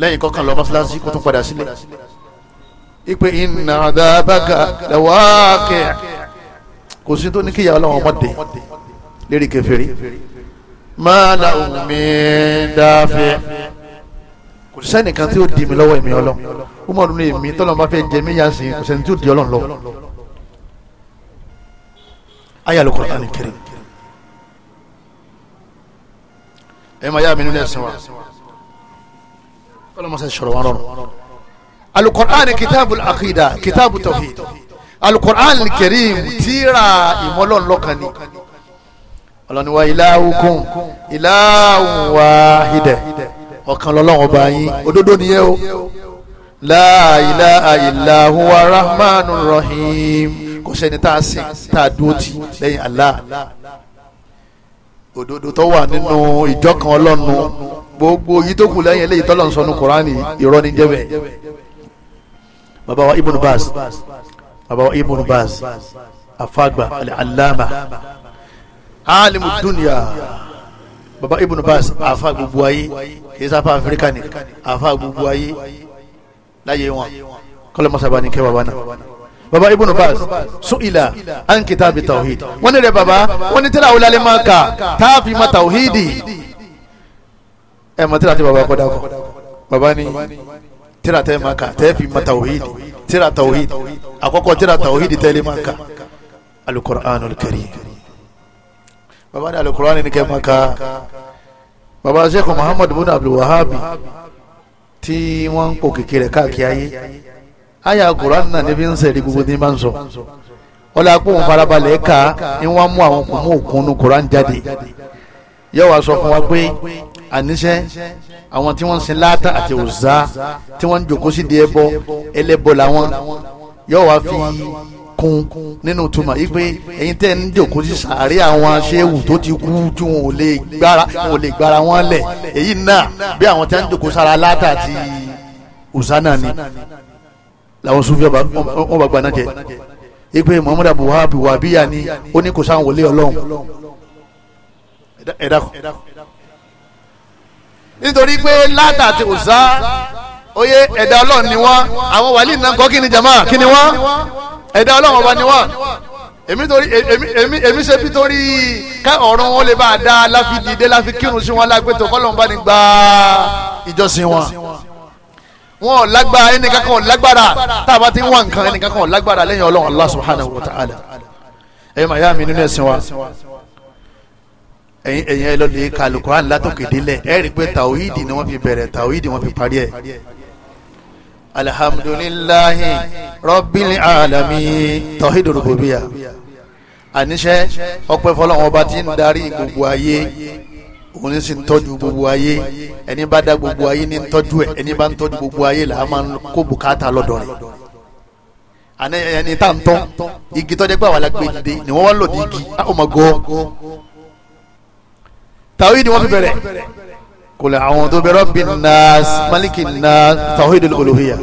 lẹ́yìn kọ́kàn lọ mọ́sálásí kó tún padà sílé ipe iná àdábàgà lẹ́wàákẹ́ kò sí tó ní kíyà ọlọ́wọ́n mọ́dé lérí kèfèrí máa la omi dáfẹ́ kò sẹ́nìkan tí ó di mi lọ́wọ́ èmi ọlọ́run ó mọ̀ nínú èmi tọ́lọ́mọ́ fẹ́ jẹ mí yàn sí kò sẹ́ni tí ó di ọlọ́run lọ ayé alukọ̀rọ̀ alukẹ́rẹ́ ẹ máa yá mi nínú ẹ̀sìn wa ọlọmọsẹ sọ̀rọ̀ wọn rọrùn. alukur'an kitabu akida kitabu tawhid alukur'an kerim tírà ìmọlọ́nlọ́kan ni ọlọ́ni wa ilahukum ilahun wahide ọ̀kan lọ́lọ́wọ́ bá yín òdodo nìyẹn o la ilaha illa huwa rahmanur rahim kò sẹ́ni tá a sìn tá a dúró tì lẹ́yìn Allah òdodo tó wà nínú ìjọ kan ọlọ́nu gbogbo yìí tó kù lẹ́yìn eléyìí tọ́lọ̀ ń sọnu kùránì irọ́ ní jẹ́bẹ̀ bàbá wa ibùn bas bàbá wa ibùn bas afagba alama alimu dunya bàbá ibùn bas afa gbogbo ayé kìí sáfà afirika ni afa gbogbo ayé láyé wọn kọlọmọsàbà ni kẹwàá wa náà baba ibùnú bas sún ilà an kitabi tawhid wọ́n ní baba wọ́n ní tíra awolálẹ́ máa kà táàfin ma tawhidi ẹ̀ mọ̀ tíra tí baba kọ́ dákọ̀ baba ni tíra te maka, kà tẹ́ẹ̀fin ma tawhidi tíra tawhid àkọ́kọ́ tíra tawhid tẹ́lẹ̀ máa kà alukur'anul karim baba ni alukur'an ni kẹ́ máa baba sheikh muhammad bin abdul wahab tí wọ́n ń kó kékeré káàkiri ayé àyà Qur'an náà níbi ń sẹ̀rí gbogbo ní bá ń sọ ọlọ́ àpò òun farabalẹ̀ ká ni wọ́n mú àwọn kò mú òkun nu Qur'an jáde yóò wá sọ fún wa pé àníṣe àwọn tí wọ́n ń sin láàtà àti òòṣà tí wọ́n ń jòkó sí di ẹbọ ẹlẹ́bọ làwọn yóò wá fi kun nínú túmọ̀ yìí pé ẹ̀yin tẹ́ ń jòkó sí sàárẹ̀ àwọn aṣẹ́wù tó ti kú tí wọn ò lè gbára wọn lè gbára wọn lẹ̀ èyí náà bí àwọn tẹ́ ń jòkó sára láàtà àti òòṣà náà ni làwọn sufi ọba ọba gbaná jẹ ipe muhammadu buhari wàbíyà ni ó ní kò sáwọn wòlé ọlọ́run ẹ̀dá kọ nítorí pé látà àti òsá oyè ẹ̀dá ọlọ́run ni wọ́n àwọn wàlí náà kọ́ kí ni jama kí ni wọ́n ẹ̀dá ọlọ́run ọba ni wọ́n èmi torí èmi èmi ṣe bí torí ká ọ̀run wọn lè bá a dá láfi dìde láfi kírun sí wọn lágbètò kọ́lọ́n bá ní ìjọsìn wọn wọn ò lágbára ẹnìkan kan ò lágbára tá a bá ti ń wá nǹkan ẹnìkan kan ò lágbára lẹ́yìn ọlọ́run allah subhanahu wa ta'ala ẹ̀yin màá yá mi nínú ẹ̀sìn wa ẹ̀yin ẹ̀yin ẹ lọ lè látòkè délẹ̀ ẹ rí i pé tàwíìdì ni wọ́n fi bẹ̀rẹ̀ tàwíìdì wọ́n fi parí ẹ̀. alhamdulillahi rabbil alamin tawhidur rububiyyah àníṣe ọpẹ́ fọlọ́run ọba tí ń darí gbogbo ayé òun ní sì ń tọ́jú gbogbo ayé ẹni bá dá gbogbo ayé ní ń tọ́jú ẹ̀ ẹni bá ń tọ́jú gbogbo ayé là á máa ń kó bùkátà lọ́dọ̀ rẹ̀ àní ẹni tá ń tọ́ igi tọ́jú pé àwọn alágbèjì dé ni wọ́n wá lò ní igi á ò mọ̀ gọ́ tàwí ni wọ́n fi bẹ̀rẹ̀ kò lè àwọn tó bẹ̀rẹ̀ bí nas maliki nas tawhidul uluhiyya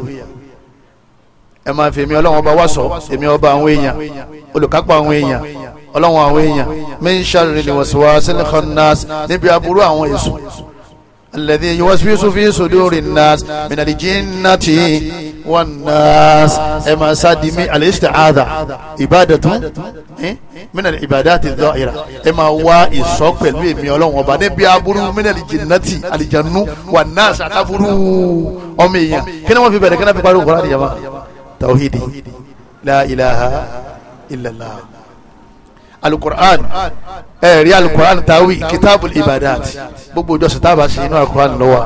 ẹ máa fi èmi ọlọ́run ọba wá sọ èmi ọba àwọn èèyàn olùkápá àwọn èèyàn ọlọ́run àwọn èèyàn min sharril waswasil khannas níbi aburú àwọn èso alladhi yuwaswisu fi sudurin nas minal jinnati wan nas ẹ̀ máa sáàdì mí al-isti'adha ibadatun eh, minal ibadati adh-dha'ira ẹ̀ máa wá ìsọ pẹ̀lú èmi ọlọ́run ọba níbi aburú minal jinnati àlìjánu wan nas àtàbúrú ọmọ èèyàn kí ni wọ́n fi bẹ̀rẹ̀ kí ni wọ́n fi parí òkúra àdìyàmá tawhidi la ilaha alukur'an ẹ̀rí alukur'an tawi kitabul ibadat gbogbo ìjọsìn tá a bá ṣe inú alukur'an ló wà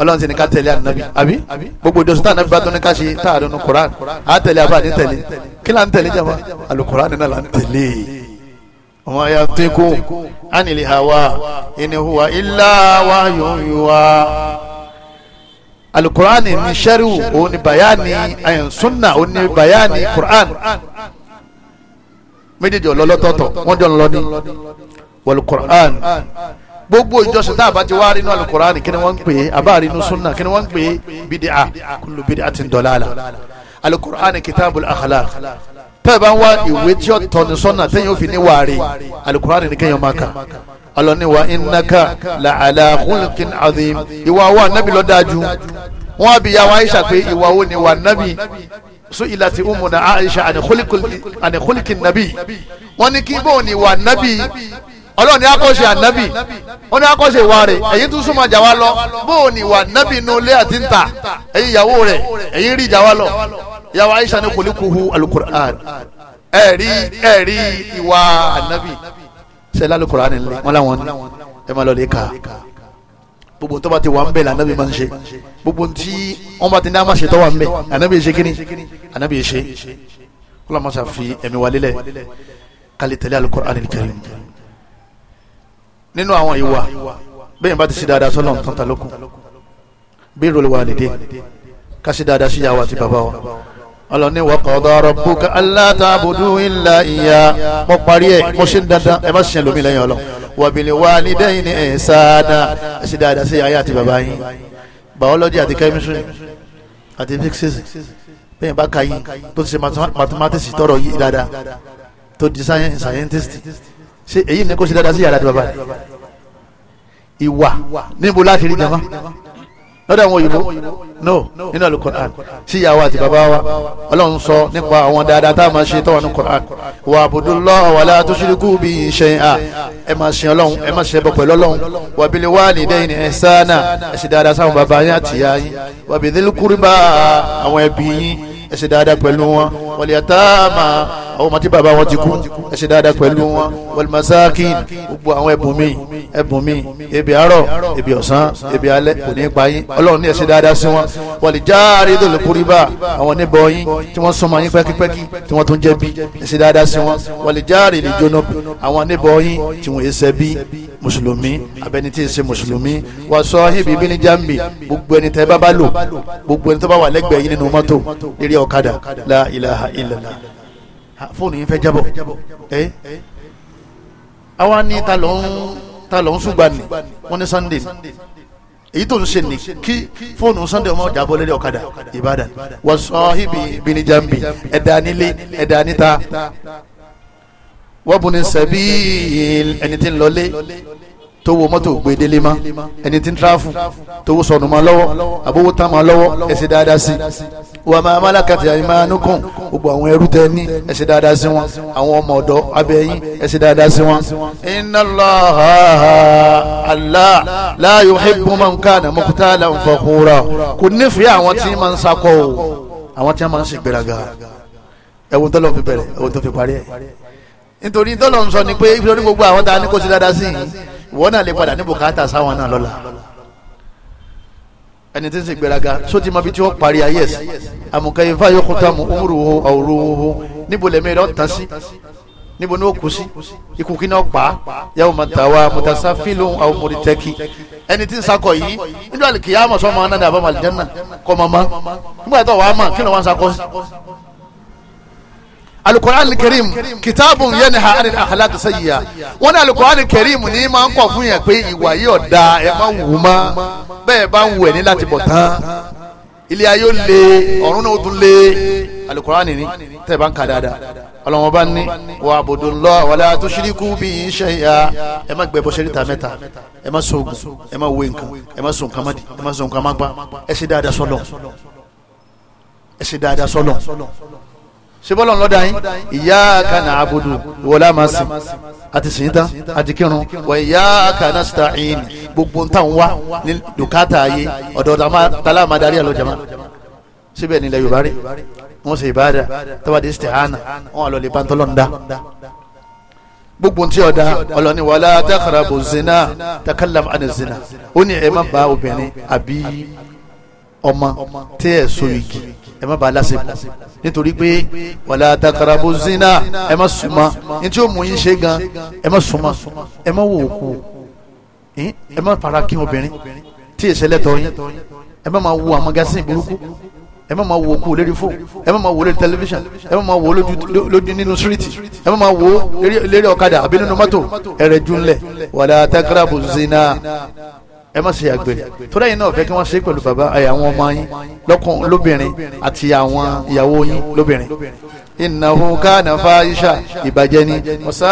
ọlọ́run ti ní ká tẹ̀lé ànábì àbí gbogbo ìjọsìn tá ànábì bá tó ní ká ṣe tá a dùn ní kur'an á tẹ̀lé abá ní tẹ̀lé kí là ń tẹ̀lé jàmbá alukur'an náà là ń tẹ̀lé ọmọ ya tẹ́kù ánìlè hawa in huwa illa wahyun alukur'an ní sẹ́rù òun ní bayani sunna òun ní bayani kur'an méjèèjì ọlọlọtọọtọ wọn jọ ń lọ ní wọlé koran gbogbo ìjọsìn tá a bá ti wá rí inú alukoran kí ni wọn ń pè é àbá rí inú sunna kí ni wọn ń pè é bidia kullu bidiatin dalala alukoran kitabul akhlaq tẹ́ ẹ bá ń wá ìwé tí ó tọ́ni sọ́nà tẹ́yìn òfin ní wàárí alukurani ní kẹ́yìn ọmọkà alọ́niwa innaka la ala khulqin azim ìwà wa nábì lọ́dájú wọ́n á bi yàwá pé ìwà wo ni wà nábì so ilà ti umu na aisha àni kólíkì nàbí wọ́n ní kí bóun ni wà nàbí ọlọ́ọ̀ni akọ́ṣe ànábì ó ní akọ́ṣe ìwà rẹ̀ ẹ̀yin tún súnmọ́ jàwá lọ bóun ni wà nàbí ilé àti ń ta ẹ̀yin ìyàwó rẹ̀ ẹ̀yin rí jàwá lọ ìyàwó aisha ni kólíkùhu alukur'an ẹ̀rí ẹ̀rí ìwà ànábì sẹ́lá alukur'an ni wọ́n láwọn ẹ̀ máa lọ lè kà gbogbo tó bá ti wà ń bẹ̀ lànàbí máa ń ṣe gbogbo tí wọ́n bá ti ní àmàṣe tó wà ń bẹ̀ ànàbí ṣe kíni ànàbí ṣe kó lọ́ọ́ máa fi ẹ̀mí wa lélẹ̀ kálí tẹ̀lé al-Qur'an al-Karim nínú àwọn ìwà bẹ́ẹ̀ bá ti ṣe dáadáa sọ́nà tán ta lókun bí ìrọ̀lẹ́ wa nìdí ká ṣe dáadáa síyàwó àti bàbá wa ọlọ́ni wa qada rabbuka alla ta'budu illa iya mo parí ẹ̀ mo ṣe ń dandan ẹ wàbìlì wa ní dẹ́yìn ní ẹ̀ẹ́sáàdà ẹ ṣe dáadáa sí ayé àti bàbá yín biology àti chemistry àti physics bẹ́ẹ̀ bá ka yín tó ti ṣe mathematics tọrọ yìí dáadáa tó di scientist ṣe èyí ni kò ṣe dáadáa sí ayé àti bàbá yín ìwà níbo láti rí jama lọ́dọ̀ àwọn òyìnbó no nínú alukur'an sí ìyàwó àti bàbá wa ọlọ́run sọ nípa àwọn dáadáa tá a máa ṣe tọ́wọ́ ní kur'an wa abudulayi wala tushiriku bi shay'a ẹ máa ṣe ọlọ́run ẹ máa ṣe bọ̀ pẹ̀lú ọlọ́run wa bil walidayni ihsana ẹ ṣe dáadáa sáwọn bàbá yín àti ìyá yín wa bi dhil qurba àwọn ẹbí yín ẹ ṣe dáadáa pẹ̀lú wọn wal yatama àwọn ọmọ tí bàbá wọn ti kú ẹ ṣe dáadáa pẹ̀lú wọn wal masakin gbogbo àwọn ẹ̀bùn míì ẹ̀bùn mi ebi àárọ̀ ebi ọ̀sán ebi alẹ́ kò ní pa yín ọlọ́run ní ẹ̀sìn dáadáa sí wọn wọlé járe tó lè kúrí bá àwọn oníbọ̀ yín tí wọ́n súnmọ́ yín pẹ́kípẹ́kí tí wọ́n tún jẹ́ bí ẹ̀sìn dáadáa sí wọn wọlé járe lè jóná àwọn oníbọ̀ yín tí wọ́n ẹsẹ̀ bí mùsùlùmí abẹni tí ì ṣe mùsùlùmí wà sọ ibi ibi ní jambi gbogbo ẹni tẹ bá lò gbogbo ẹni tó bá wà lẹ́gbẹ̀ẹ́ yín nínú mọ́tò eré ọ̀kadà la ilaha illallah fóònù yín fẹ́ jábọ̀ ẹ́ àwa ní ta ló ta ló ń ṣùgbà ni wọ́n ní sunday èyí tó ń ṣe ni kí fóònù sunday ọmọ ọjà bọ́lẹ́lẹ́ ọ̀kadà ìbàdàn wọ́n sọ ibi bìnnìjàmbì ẹ̀dá nílé ẹ̀dá níta wọ́n bu ní sẹ́bí ẹni tí ń lọlé tó wo mọ́tò gbé délé ma ẹni tí ń tirafu tó wo sọnù ma lọ́wọ́ àbówó tá ma lọ́wọ́ ẹ ṣe dáadáa sí wa ma amalakati aymanukum gbogbo àwọn ẹrú tẹ ní ẹ dáadáa sí wọn àwọn ọmọ ọ̀dọ́ abẹ́yìn ẹ dáadáa sí wọn. inna Allaha Allah la yuhibbu man kana mukhtalan fakhura kò nífẹ̀ẹ́ àwọn tí ma ń sakọ o àwọn tí ma ń ṣègbéraga ẹ̀wọ̀n tó lọ fi bẹ̀rẹ̀ ẹ̀wọ̀n tó fi parí ẹ̀ nítorí tó lọ sọ ni pé ibi tó ní gbogbo àwọn tá a ní kó ṣe dáadáa sí yìí wọ́n náà lè padà ní bùkátà sáwọn náà lọ́la ẹni tí ń ṣe gbéraga só ti ma tí wọ́n parí ayé ẹ̀sì àmùkẹ́yìn fáyọ kúta mu umuruwo awuruwo níbo lẹ́mí rẹ̀ tán sí níbo ni ó kú sí ikú kí náà pa yàwó mọ̀tàwá mutasafilu àwọn mọ̀rìtẹ́kì ẹni tí ń sakọ yìí nígbà kìí àmọ̀ sọ́mọ́ náà ní àbámalẹ̀ jẹ́ kọ́ mọ́ nígbà tó wàá mọ̀ kí ló wá ń sakọ sí alukur'an kẹrìm kìtàbù yẹn ni ha ani akhlaq sayyi'a wọn ní alukur'an kẹrìm ní máa ń kọ fún yẹn pé ìwà yìí ọ̀dà ẹ máa ń wù má bẹ́ẹ̀ bá ń wù ẹ̀ ní láti bọ̀ tán ilé ayé ó le ọ̀run náà ó tún le alukur'an ni tẹ̀ bá ń ka dáadáa ọlọ́wọ́n bá ní wa'budullaha wala tushriku bihi shay'a ẹ má gbẹ bọ́ sẹ́ríta mẹ́ta ẹ má sọ̀gùn ẹ má wé nǹkan ẹ má sọ nǹkan di ẹ má sọ nǹkan má ẹ ṣe dáadáa sọ́lọ̀ ẹ ṣe dáadáa sọ́lọ̀ sebọlọ ńlọdà yín ìyá kana abudu wọlé amasi àti sèyíntà àti kírun wọ ìyá kana stain gbogbo ntàn wa ní dùkátà ayé ọ̀dọ̀ tala amadari alojama síbẹ̀ nílẹ̀ yorùbá rí wọn sì ìbáda tọ́wádìí istihana wọn àlọ́ lè bá ntọ́lọ́ ńdá gbogbo ntí ọ̀dà ọlọ́ni wàlá takarabu zina takalam ani zina ó ní ẹ̀ má ba obìnrin àbí ọmọ tí ẹ̀ so igi ẹ má bàa lásìkò nítorí pé wàlá takarabu zina ẹ má súnmọ́ ní tí ó mú yín ṣe gan ẹ má súnmọ́ ẹ má wò ó kú ẹ má fara kí obìnrin tí èsẹ lẹtọ yín ẹ má máa wo amagasin burúkú ẹ má máa wo kú lórí fóònù ẹ máa wo lórí tẹlifíṣàn ẹ máa wo lójú nínú síríìtì ẹ máa wo lérí ọ̀kadà àbí nínú mọ́tò ẹ̀rẹ̀ jùlẹ̀ wàlá takarabu zina ẹ má ṣe àgbẹ̀ torí ẹ̀yin náà fẹ́ kí wọ́n ṣe pẹ̀lú bàbá àwọn ọmọ yín lọ́kùn lóbìnrin àti àwọn ìyàwó yín lóbìnrin innahu kana fáyíṣà ìbàjẹ́ ni ọ̀sá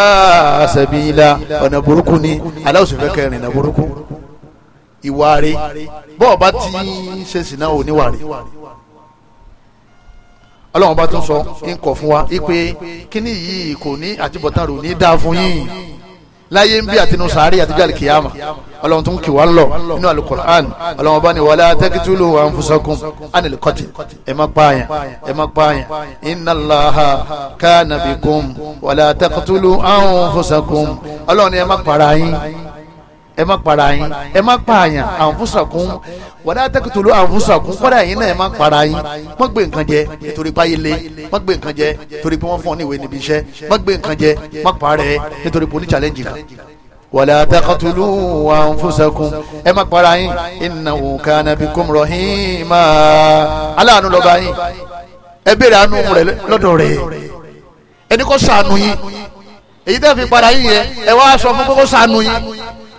àṣẹ̀bìyìnlá ọ̀nà burúkú ni aláwòsànfẹ́ kẹrin ọ̀nà burúkú ìwárí bọ́ọ̀ bá ti ṣe sìnà òníwárí ọlọ́run bá tún sọ ń kọ̀ fún wa ipe kíní yìí kò ní àtibọ̀tán rò ní dáa fún yín láyé ń bí àtinú sàárì àtijọ́ àlìkìyàmà ọlọ́run tó ń kì wá ń lọ nínú alukur'an ọlọ́run bá ní wọlé atẹ́kítúlù ànfusọ́kùn ánìlìkọ́tì ẹ má pààyàn ẹ má pààyàn innalaha kánàbìkùn wọlé atẹ́kítúlù ànfusọ́kùn ọlọ́run ni ẹ má pààrà yín ẹ má para yín ẹ má pààyàn àǹfùsàkún wàdà tẹkùtùlù àǹfùsàkún kọ́dà yín náà ẹ má para yín má gbé nǹkan jẹ nítorí páyé lé má gbé nǹkan jẹ nítorí pé wọ́n fún ọ ní ìwé níbi iṣẹ́ má gbé nǹkan jẹ má parẹ́ nítorí pé ó ní challenge kan wàlá taqtulu anfusakum ẹ má para yín innahu kana bikum rahima aláàánú lọ́ba yín ẹ béèrè àánú rẹ̀ lọ́dọ̀ rẹ̀ ẹni kó ṣàánú yín èyí tẹ́ fi para yín yẹ ẹ wá sọ fún kó ṣàánú yín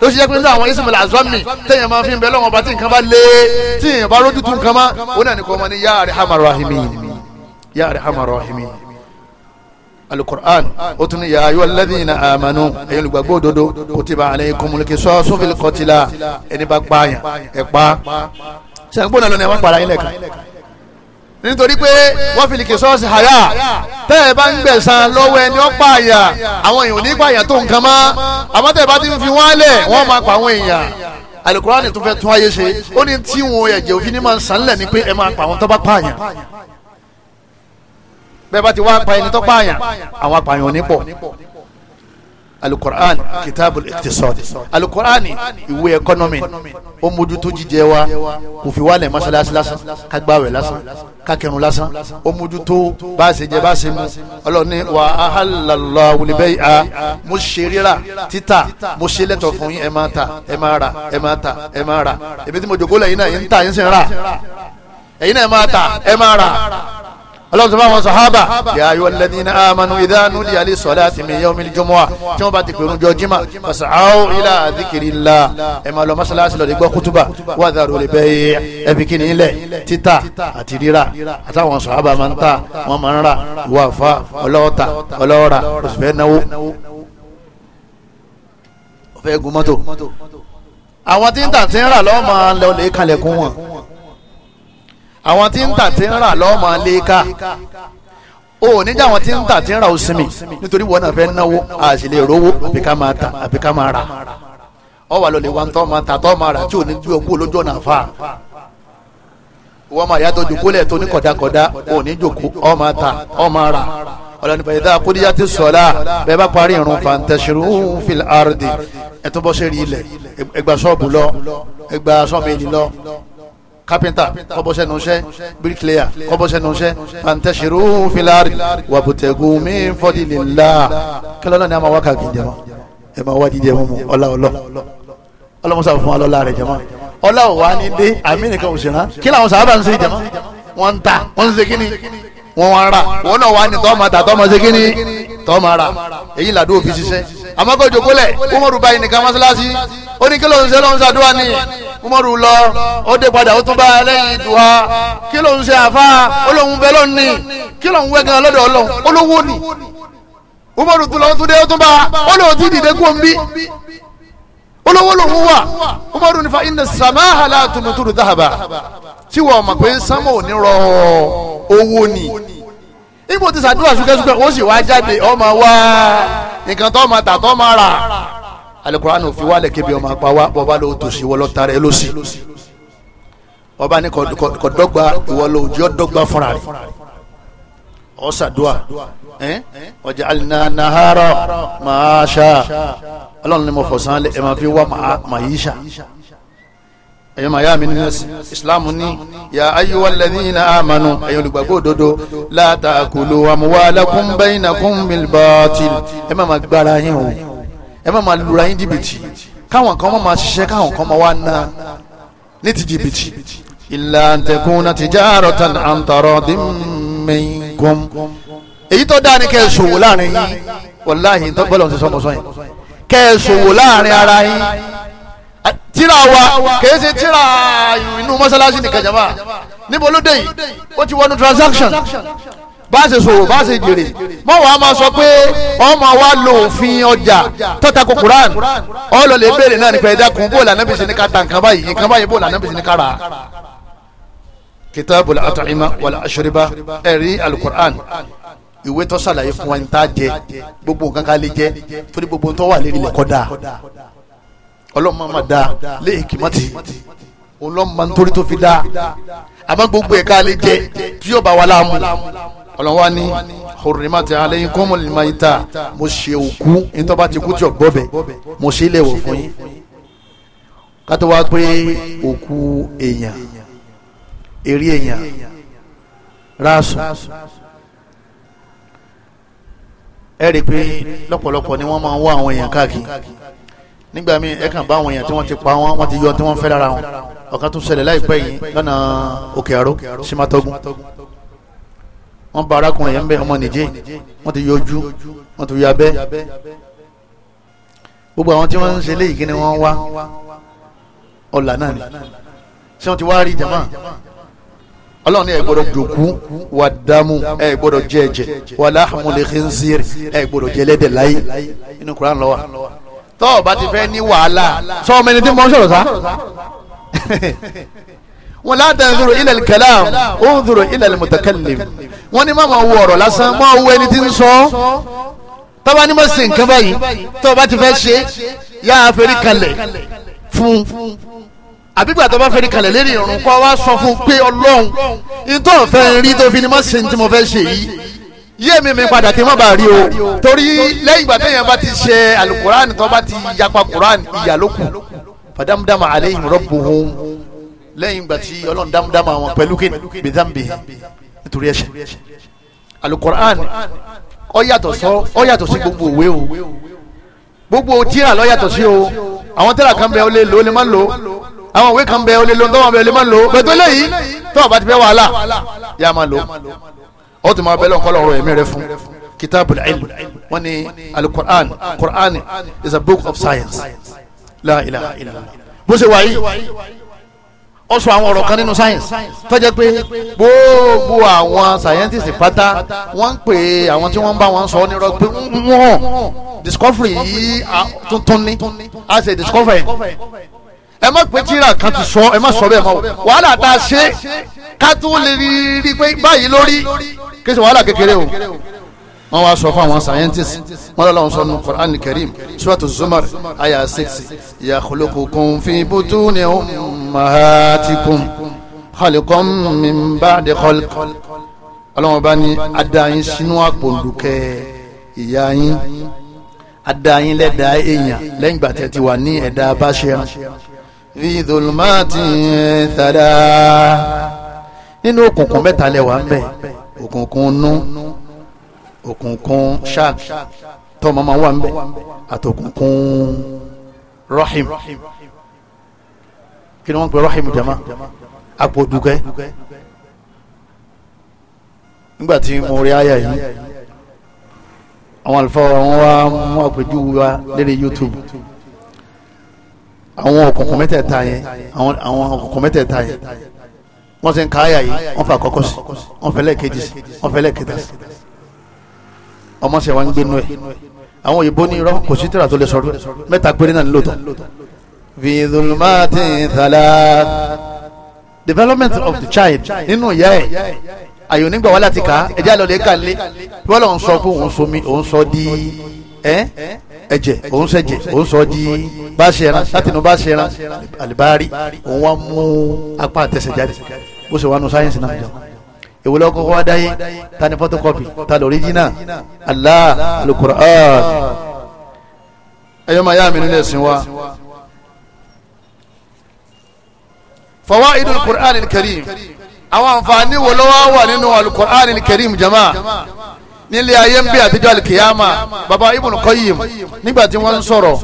ló ṣe jẹ́ pé nínú àwọn ismail azami tẹ̀yìn máa fi ń bẹ lọ́wọ́n bá tí nǹkan bá lé tí èèyàn bá rójú tún nǹkan má ó náà ní kò mọ ní ya arhamar rahimin ya arhamar rahimin alukur'an ó tún ní ya ayyuhal ladhina amanu ẹ̀yin olùgbàgbọ́ òdodo kutiba alaykumul qisasu fil qatla ẹni bá pààyàn ẹ̀ pa ṣàǹgbọ́n ẹ̀ má pààrà ilẹ̀ kan nítorí pé wọ́n fi lìkè sọ́ọ̀sì àyà tẹ́ ẹ bá ń gbẹ̀san lọ́wọ́ ẹni ọ̀pá àyà àwọn èèyàn nípa àyà tó nǹkan mọ́ àmọ́ tẹ́ ẹ bá ti ń fi wọ́n lẹ̀ wọ́n máa pa àwọn èèyàn alukurani tún fẹ́ tún ayé ṣe ó ní tí wọn ẹ̀jẹ̀ òfin ní máa ń sàn lẹ̀ ni pé ẹ máa pa àwọn tó bá pààyàn bẹ́ẹ̀ bá ti wá pa ẹni tó pààyàn àwọn apààyàn ò ní pọ̀ alukur'an kitabul iktisad alukur'an ìwé economy ó mójútó jíjẹ wa kò fi wálẹ̀ mọ́ṣáláṣí lásán ká gbàwẹ̀ lásán ká kírun lásán ó mójútó bá a ṣe jẹ bá a ṣe mu ọlọ́ni wa ahallallahu al-bay'a mo ṣe rírà títà mo ṣe lẹ́tọ̀ fún ta ẹ máa ra ra èmi tí mo ọlọ́run tó bá wọn sọ̀hábà yà á yọ lẹ́ni ní amanu ìdánù di alẹ́ sọ̀lá ti mi yọ mílí jọmọ́à tí wọ́n bá ti pèrún jọ jimá fàṣà áwọ̀ ilà àdìkiri ńlá ẹ̀ máa lọ mọ́sálásí lọ́ọ́ gbọ́ kútúbà wà á dàrú olùbẹ́ yẹ ẹbí kí ilẹ̀ títà àti rírà àtàwọn sọ̀hábà máa ń ta wọ́n máa ń ra ìwà àfa ọlọ́ọ̀ta ọlọ́ọ̀ra òṣùfẹ́ náwó ọ̀fẹ́ gun mọ́tò àwọn àwọn tí ń tà tí ń rà lọ́ọ́ máa lé o níjà àwọn tí ń tà tí ń ra òsinmi nítorí wọn náà fẹ́ náwó àṣìlè rówó àbí ká máa tà àbí ká máa rà ọ wà lọlẹ wa tọ́ máa tà tọ́ máa rà tí ò ní gbé ọkú olójú ọ̀nà fa wọ́n máa yàtọ̀ jòkólẹ̀ tó ní kọ̀dákọ̀dá ò ní jòkó ọ máa tà ọ máa rà ọlọ́ni bẹ̀rẹ̀ dáa kó díyà ti sọ̀lá bẹ́ẹ̀ bá parí irun fàǹtẹ̀sìrù fìlà àrùdì ẹ̀túnbọ̀sẹ̀ rí ilẹ̀ ẹgbà ṣọ́ọ̀bù lọ ẹgbà ṣọ́ọ̀mẹ́ni lọ kápẹ́ntà kọ́bọ́sẹ́ nùṣẹ́ bíríkìlẹ́yà kọ́bọ́sẹ́ nùṣẹ́ fantasiru filari wàbùtẹ̀gùn mi fọ́dìlélá kẹlẹ́ náà ni a máa wá káàkiri jẹ́ mọ́ ẹ máa wá jíjẹ mú mu ọlá ọlọ́ ọlọ́mọsá fún wa lọ́la rẹ̀ jẹ́ mọ́ ọlá ò wá ní dé àmì nìkan òṣèlú kí làwọn sábà ń ṣe jẹ́ mọ́ wọ́n ń ta wọ́n ń ṣe kíni wọ́n wá rà wọ́n náà wá ní tọ́mọ tà tọ́mọ ṣe kíni tọ́mọ rà èyí làdó òfin ṣiṣẹ́ àmọ́ kó jòkólẹ̀ umaru báyìí nìkan mọ́ṣáláṣí ó ní kí ló ń ṣe ló ń ṣàdúrà ní umaru lọ ó dé padà ó tún bá ẹlẹ́yìn ìdùá kí ló ń ṣe àfa olóhùn bẹ́ẹ̀ lọ́nìí kí ló ń wẹ́ gan lọ́dọ̀ ọlọ́run olówó ni umaru tún lọ tún dé ó tún bá olówó tí dìde kú omi olówó lòun wà umaru nífa inna samaha la tumutu dhahaba tí wọ́n mọ̀ pé sánmọ̀ ò ní rọ owó ni ipò ti sàdúrà súkẹ́súkẹ́ ó sì wá jáde ọmọ wa nǹkan tó máa tà tó máa rà alukurani òfin wa lè kébi ọmọ apá wa bọba ló tòṣì wọlọ tara ẹ lọsí ọba ní kọdọgba ìwọ ló jọ dọ́gba fúnra rẹ ọsàdúà ọjà alina nahara maasha Ọlọ́run ni mo fọsán ẹ máa fi wá màáyíṣà ẹ̀yọ́ màá yá mi nínú islam ní ya ayyuhal ladhina amanu ẹ̀yin olùgbàgbọ́ òdodo la ta'kulu amwalakum bainakum bil batil ẹ má máa gbára yín o ẹ má máa lura yín jìbìtì káwọn kan máa ṣiṣẹ́ káwọn kan máa wá ná ní ti jìbìtì illa an takuna tijaratan an taradin minkum èyí tó dáa ni kẹ́ ẹ ṣòwò láàrin yín wàláhì tó bọ́lọ̀ ti sọ Tira wa kìí ṣe tíra inú mọ́sálásí nìkan jama níbo ló dé yìí ó ti wọnú transaction bá a ṣe sòwò bá a ṣe jèrè mọ wàá máa sọ pé ọmọ wa lo òfin ọjà tọ́ta ko Quran ọlọ́lẹ̀ béèrè náà nípa ẹ̀dá kun bóòlù anábì sí ni ká ta nǹkan báyìí nǹkan báyìí bóòlù anábì sí ni ká rà á. kitabul at'ima wal ashriba ẹ̀rí alukur'an ìwé tó ṣàlàyé fún wa ní tá a jẹ gbogbo nǹkan ká lè jẹ torí gbogbo tó wà lérí lẹ́kọ́ dáa ọlọ́mọ máa da léyìn kìmọ́tì òun lọ́ máa ń torí tó fi da àmọ́ gbogbo ẹ̀ka alẹ́ jẹ tí yóò bá wa láàmú ọlọ́wà ní hurrimat alaykumul mo ṣe òkú nítorí bá ti kú tí ò gbọ́bẹ̀ mo ṣe ilé wọ̀ fún yín ká wá pé òkú èèyàn eré èèyàn ráàsù ẹ rí i pé lọ́pọ̀lọpọ̀ ni wọ́n máa ń wá àwọn èèyàn káàkiri nígbà míì ẹ kàn bá àwọn èèyàn tí wọ́n ti pa wọ́n wọ́n ti yọ tí wọ́n fẹ́ lára wọn ọ̀kan tún ṣẹlẹ̀ láìpẹ́ yìí lọ́nà òkè àró simatogun wọ́n bá arákùnrin yẹn ń bẹ ọmọ nìjẹ́ wọ́n ti yọjú wọ́n ti yọ abẹ́ gbogbo àwọn tí wọ́n ń ṣe léyìí kí ni wọ́n wá ọ̀là náà ni ṣé wọ́n ti wá rí jama ọlọ́run ní ẹ gbọ́dọ̀ dòkú wà dámú ẹ gbọ́dọ̀ jẹ́ ẹ̀jẹ̀ wà láhàmúlẹ̀ khinzir ẹ gbọ́dọ̀ jẹ́ ẹlẹ́dẹ̀ láyé inú Kùránì ló wà tọ́ ọba ti fẹ́ ní wàhálà sọ ọmọ ẹni tí mo ń sọ̀rọ̀ sá wọn látàn zoro ilẹ̀ kalam ó ń zoro ilẹ̀ mutakallim wọn ni má ma wo ọ̀rọ̀ lásán má wo ẹni tí ń sọ tọ́ba ni mo ṣe nǹkan báyìí tọ́ba ti fẹ́ ṣe yá afẹ́rí kalẹ̀ fún àbígbà tó bá fẹ́ ní kalẹ̀ lérí ìrùn kọ́ wa sọ fún pé ọlọ́run ìtọ́ fẹ́ rí tó fi ni mo ṣe ní tí mo fẹ́ ṣe yìí yé mi mi padà kí n má bàa rí o torí lẹ́yìn ìgbà téèyàn bá ti ṣe alukurani tó bá ti yapa kurani ìyà ló kù fàdámdámà àléyìn rọ́bùhùn lẹ́yìn ìgbà tí ọlọ́run dámdámà wọn pẹ̀lú kí bìtàǹbì nítorí ẹ̀ṣẹ̀ alukurani ó sọ ó sí gbogbo òwe o gbogbo tíra ló yàtọ̀ sí o àwọn tíra kan bẹ ó lè lò ó lè má lò àwọn òwe kan bẹ ó lè lò ó lè má lò bẹ̀tọ́ lẹ́yìn tó o bá ti fẹ́ wàhálà yà má lò ó ti máa bẹ́ẹ̀ lọ́nkọ́ lọ́rọ̀ ẹ̀mí rẹ fún kitabul ilm wọ́n ní alukur'an Quran is a book of science la ilaha illallah bó ṣe wáyé ó sọ àwọn ọ̀rọ̀ kan nínú science tó jẹ́ pé gbogbo àwọn scientist pátá wọ́n ń pè àwọn tí wọ́n ń bá wọn sọ nírọ́ pé wọ́n discovery yìí tuntun ni a ṣe discovery ẹ má pé tíra kan ti sọ ẹ má sọ bẹ́ẹ̀ mọ́ wàhálà tá a ṣe ká tó lè rí i pé báyìí lórí kí ṣe wàhálà kékeré o wọ́n wá sọ fún àwọn scientist wọ́n lọ́la wọn sọ nù Qur'an karim suratu zumar aya six ya khuluqukum fi butuni ummahatikum khaliqan min ba'di khalq ọlọ́wọ́n bá ní adáyín sínú àpòǹdùkẹ́ ìyá yín adáyín lẹ́dà èèyàn lẹ́yìn ìgbà tẹ́ ti wà ní ẹ̀dá abáṣẹ́rán fi dhulmatin thalath nínú òkùnkùn mẹ́ta lẹ́wà ń bẹ̀ òkùnkùn nú òkùnkùn ṣáàk tọ́mọ máa wà ń bẹ̀ àtòkùnkùn rahim kí ni wọ́n ń pè rahim jama àpò dùkẹ́ nígbà mo rí àyà yìí àwọn àlùfáà wọn wá mú àpèjú wa lérí youtube àwọn òkùnkùn mẹ́tẹ̀ẹ̀ta yẹn àwọn òkùnkùn mẹ́tẹ̀ẹ̀ta yẹn wọ́n ṣe ń ka àyà yìí wọ́n fa àkọ́kọ́ sí wọ́n fẹ́lẹ́ kejì sí wọ́n fẹ́lẹ́ kẹta sí ọmọ ṣe wá ń gbénu ẹ̀ àwọn òyìnbó ní irọ́ kò sí tíra tó lè sọ̀rọ̀ mẹ́ta péré náà nílò tán. fi dhulumati development of the child nínú ìyá ẹ̀ àyò nígbà wà láti kà á ẹ̀jẹ̀ àlọ́ lè kà lé wọ́n lọ́n sọ fún òun somi òun sọ di ẹ̀jẹ̀ òun sẹ̀jẹ̀ òun sọ di bá ṣe ẹran látinú bá ṣe ẹran àlìbárí òun wá mú apá àtẹsẹ̀ bó ṣe wà nù sáyẹ́nsì náà jọ èwo ló kọ́kọ́ wá dáyé ta ni photocopy ta ló original Allah alukur'an ẹ̀yọ́ máa yá mi nílẹ̀ sìn wa. fawaidul qur'an al-karim àwọn àǹfààní wo ló wà nínú al-qur'an al-karim jama nílé ayé ń bí àtijọ́ alikiyama baba ibn qayyim nígbà tí wọ́n ń sọ̀rọ̀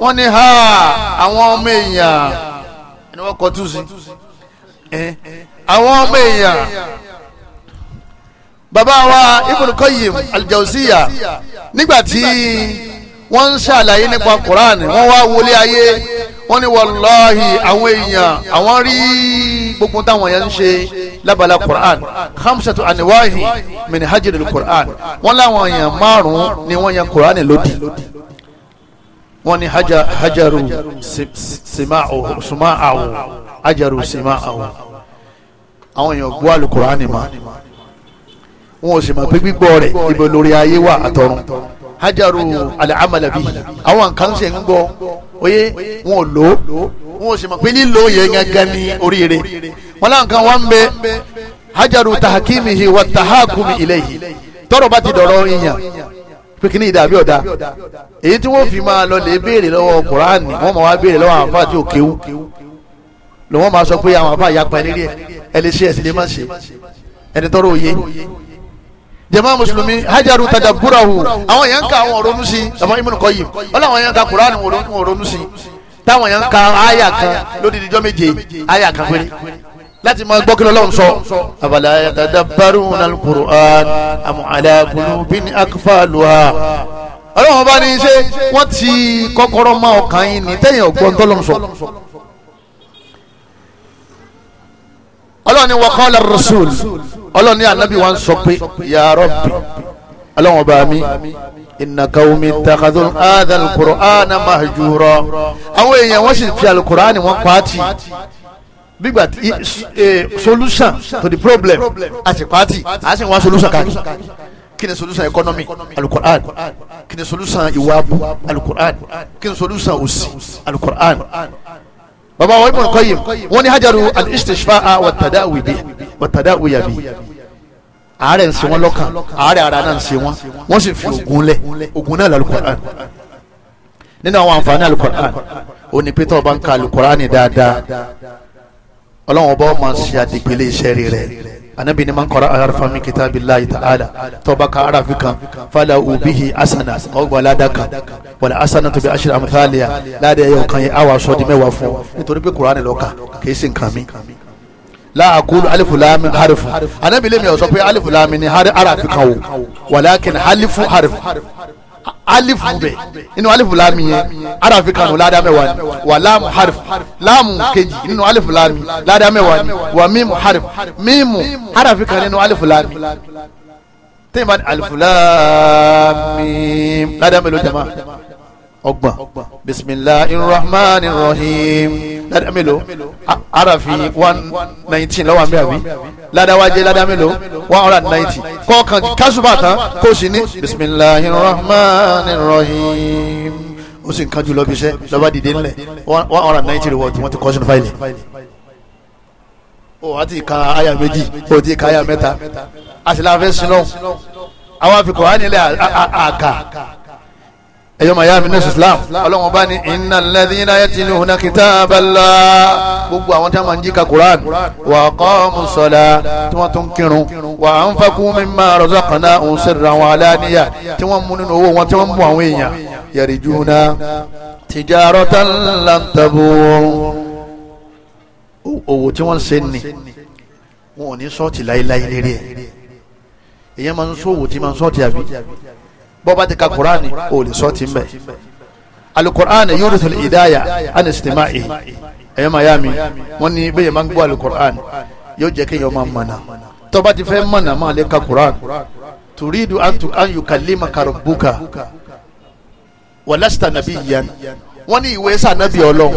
wọ́n ní ha àwọn ọmọ èèyàn ni wọ́n kọ́ tù àwọn ọmọ èèyàn bàbá wa Ibn Qayyim al-Jawziyya nígbà tí wọ́n ń ṣàlàyé nípa Qur'an wọ́n wá wọlé ayé wọ́n ní wàláhì àwọn èèyàn àwọn rí gbogbo táwọn yẹn ń ṣe lábala Qur'an hamsatu aniwahi min hajjil Qur'an wọ́n láwọn èèyàn márùn-ún ni wọ́n yan Qur'an lódì wọ́n ní hajaru simaahu ajaru simaahu àwọn èèyàn gbọ́ alukurani ma wọn ò sì mọ̀ pé gbígbọ́ rẹ̀ ibo lórí ayé wà àtọ̀run hajaru alaamalabi àwọn nǹkan ṣe ń gbọ́ wọn ò lò wọn ò sì mọ̀ pé lílo yẹn oríire wọn wọn ń wa tahakumi tọrọ bá ti dọrọ ìyàn pikini kí ni ìdàbí èyí tí fi máa lọ lè béèrè lòun máa sọ pé àwọn àbá àyàpá ẹni rí ẹ ẹ lè ṣe ẹsìn lè má ṣe ẹni tọrọ òye jàmá mùsùlùmí hajaru tadabburahu àwọn yẹn ń ka àwọn òrónú sí àwọn Ibn Qayyim wọn làwọn yẹn ń ka kuraani òrónú sí táwọn yẹn ń ka àyà kan lódìdí jọ́ méje àyà kan péré láti máa gbọ́ kí lọ́lọ́run sọ. abala yatadabbaruna al-Qur'an am ala qulubin akfaluha. ọlọ́run bá ní í ṣe wọ́n ti kọ́kọ́rọ́ máa ọkàn yín ní tẹ́yìn ọ̀gbọ́n tọ́lọ́run ọlọ́run ni rasul ọlọ́run ni anabi wa ń sọ pé ya rabbi ọlọ́run ọba mi inna qawmi ittakhadhu hadha al-qur'ana mahjura àwọn èèyàn wọ́n sì fi alukur'an qurani wọ́n pàtì bígbà tí eh, eh, solution to the problem a sì pàtì a sì solution káàkiri kí solution economy alukur'an kí ni solution iwabu alukur'an kí solution òṣì alukur'an baba wa ibn qayyim wọ́n hajaru al-istishfa'a wa tadawi bi wa tadawi bi àárẹ̀ ń ṣe wọ́n lọ́kàn àárẹ̀ ara náà ń ṣe wọ́n wọ́n sì fi oògùn lẹ̀ oògùn náà lálùkọ̀rán nínú àwọn àǹfààní àlùkọ̀rán òní pété ọba ń ka àlùkọ̀rán dáadáa ọlọ́wọ́n bá wọn máa ṣe àdìgbélé iṣẹ́ rẹ̀ anabi ni man qara'a harfan min kitabillahi ta'ala tó bá ka arafi kan falahu bihi asana ọgbà ládà kan wala hasanatu bi ashri amthaliha ládà ẹ̀yọ̀ kan yẹn àwa sọ di mẹ́wàá fún ọ nítorí pé kùránì lọ́ka kì í sì nǹkan mi láàkúlù alifulami harifu anabi lèmi ọ̀sọ́ pé alifulami ni arafi kan o walakin halifu harifu Alif bẹ inu alif laami yẹn arafi kanu laadamẹ wani wa laamu harifu laamu kejì inú alifu laami laadamẹ wani wa mimu harifu mimu arafi kanu inú alifu laami tẹ́yìn bá ní alifu laami laadamẹ lo jama ọgbọ̀n bisimilahi rahman rahim ládàá mélòó arafi one nineteen lọ́wọ́ àmì àbí ládàá wájé ládàá mélòó one hundred ninety kọ̀ọ̀kan kásùbà tán kó sì ní bisimilahi rahman rahim ó sì ń kájú lọ bí iṣẹ́ lọ́ba dìde ńlẹ̀ one hundred ninety reward wọ́n ti kọ́ sínú fáìlì o àti ka aya méjì o ti ka aya mẹ́ta àti láfẹ́ sinú àwọn àfikún wa nílẹ̀ àkà ẹ̀yọ́ màá yá mi nẹ́sì islam ọlọ́run bá ní innal ladhina yatluna kitaballah gbogbo àwọn tí a máa ń jí ka quran wa aqamu salat tí wọ́n tún kírun wa anfaqu mimma razaqnahum sirran wa alaniyah tí wọ́n mú nínú owó wọn tí wọ́n mú àwọn èèyàn yarjuna tijaratan lan tabur owó tí wọ́n ṣe ni wọn ò ní sọ́ọ̀tì láéláé lérí ẹ̀ èèyàn máa ń sọ owó tí máa ń sọ́ọ̀tì àbí bọ́ba ti ka kuraani o lè sọ ti mbẹ alikuraani yurithu al-hidaya an istima'i ẹ̀yẹ́ màá yá mi wọ́n ní bẹ́ẹ̀ máa ń gbọ́ alikuraani yóò jẹ́ kéèyàn máa mọ̀nà tọ́ba ti fẹ́ mọ̀nà máa lè ka kuraani turidu an yukallimaka rabbuka walasta nabiyyan wọ́n ní ìwé sànàbì ọlọ́run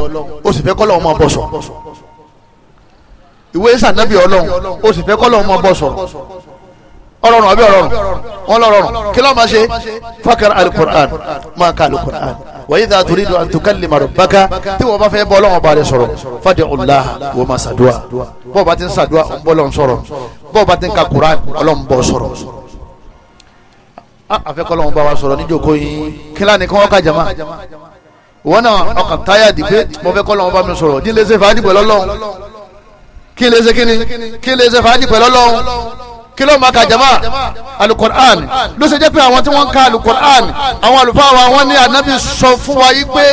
ó sì fẹ́ kọ́lọ́ ọmọ bọ̀ sọ ìwé sànàbì ọlọ́run ó sì fẹ́ kọ́lọ́ ọmọ bọ̀ sọ̀rọ̀ ọlọ́run àbí ọlọ́run wọn lọ́rọ̀rùn kí ló máa ṣe fakara alukur'an máa ka alukur'an wa idha turidu an tukallima rabbaka tí wọ́n bá fẹ́ bọ́ ọlọ́run ọba rẹ sọ̀rọ̀ fadé ọ̀la wọ́n máa ṣàdúrà bọ́ọ̀ bá ti ń ṣàdúrà bọ́ọ̀lọ́run sọ̀rọ̀ bọ́ọ̀ bá ti ń ka kur'an ọlọ́run bọ́ sọ̀rọ̀ afẹ́kọ́lọ́run ah, bá wa sọ̀rọ̀ níjókòó yín kílá ni kí wọ́n jama wọn náà ọkàn táyà dìgbé mo fẹ́ kí ló jama alukur'an ló ṣe jẹ́ pé àwọn tí wọ́n ń ka alukur'an àwọn àlùfáà wa wọ́n ní anabi sọ fún wa yìí pé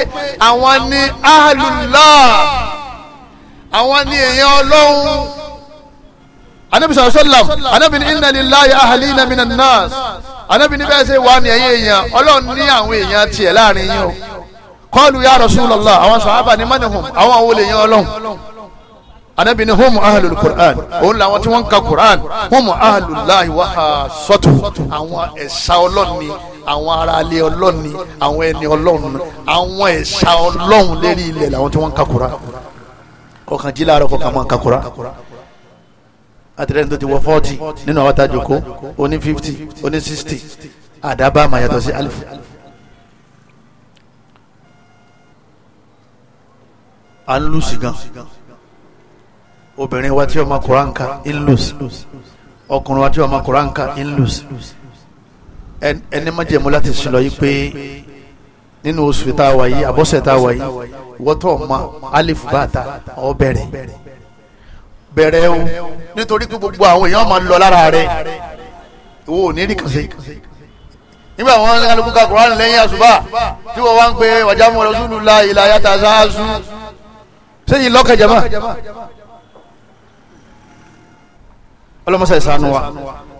àwọn ní ahlullah àwọn ní èèyàn ọlọ́run anabi sọ̀rọ̀ sọ́làm anabi ní inna lillahi ahlina minan nas anabi ní bẹ́ẹ̀ ṣe wà ní ẹ̀yìn èèyàn ọlọ́run ní àwọn èèyàn tiẹ̀ láàrin yìí o kọ́ọ̀lù ya rasulallah àwọn sàhábà ní mánìhùn àwọn àwọn olè yẹn ọlọ́run anabi ni hum ahlul qur'an òun làwọn tí wọ́n ń ka qur'an hum ahlullahi wa hasatu àwọn ẹ̀sà ọlọ́ni àwọn aráalé ọlọ́ni àwọn ẹni ọlọ́run àwọn ẹ̀sà ọlọ́run lérí ilẹ̀ làwọn tí wọ́n ń ka qur'an kọkàn jí láàárọ̀ kọkàn máa ń ka qur'an àtẹ̀rẹ́ni tó ti wọ fọ́ọ̀tì nínú àwọn àtàjòkó oní fífítì oní sísítì àdábà máa yàtọ̀ sí alifu. à ń lù sí gan obìnrin wa tí ọmọ kùránkà inlus ọkùnrin wa tí ọmọ kùránkà inlus ẹni má jẹ̀mú láti sùn lọ yí pé nínú oṣù tá a wà yìí àbọ̀sẹ̀ tá a wà yìí wọ́tọ̀ ọmọ alif bàtà ọ bẹ̀rẹ̀ o nítorí pé gbogbo àwọn èèyàn máa ń lọ lára rẹ̀ ìwọ ò ní rí kànṣe nígbà wọn kálukú ka kuran lẹ́yìn àṣùbà tí wọn wá ń pe wàjà mọ lọsùn lula ìlà yàtà sáà sùn sẹyìn lọkẹjẹ ọlọ́mọṣẹ́ ìsànú wa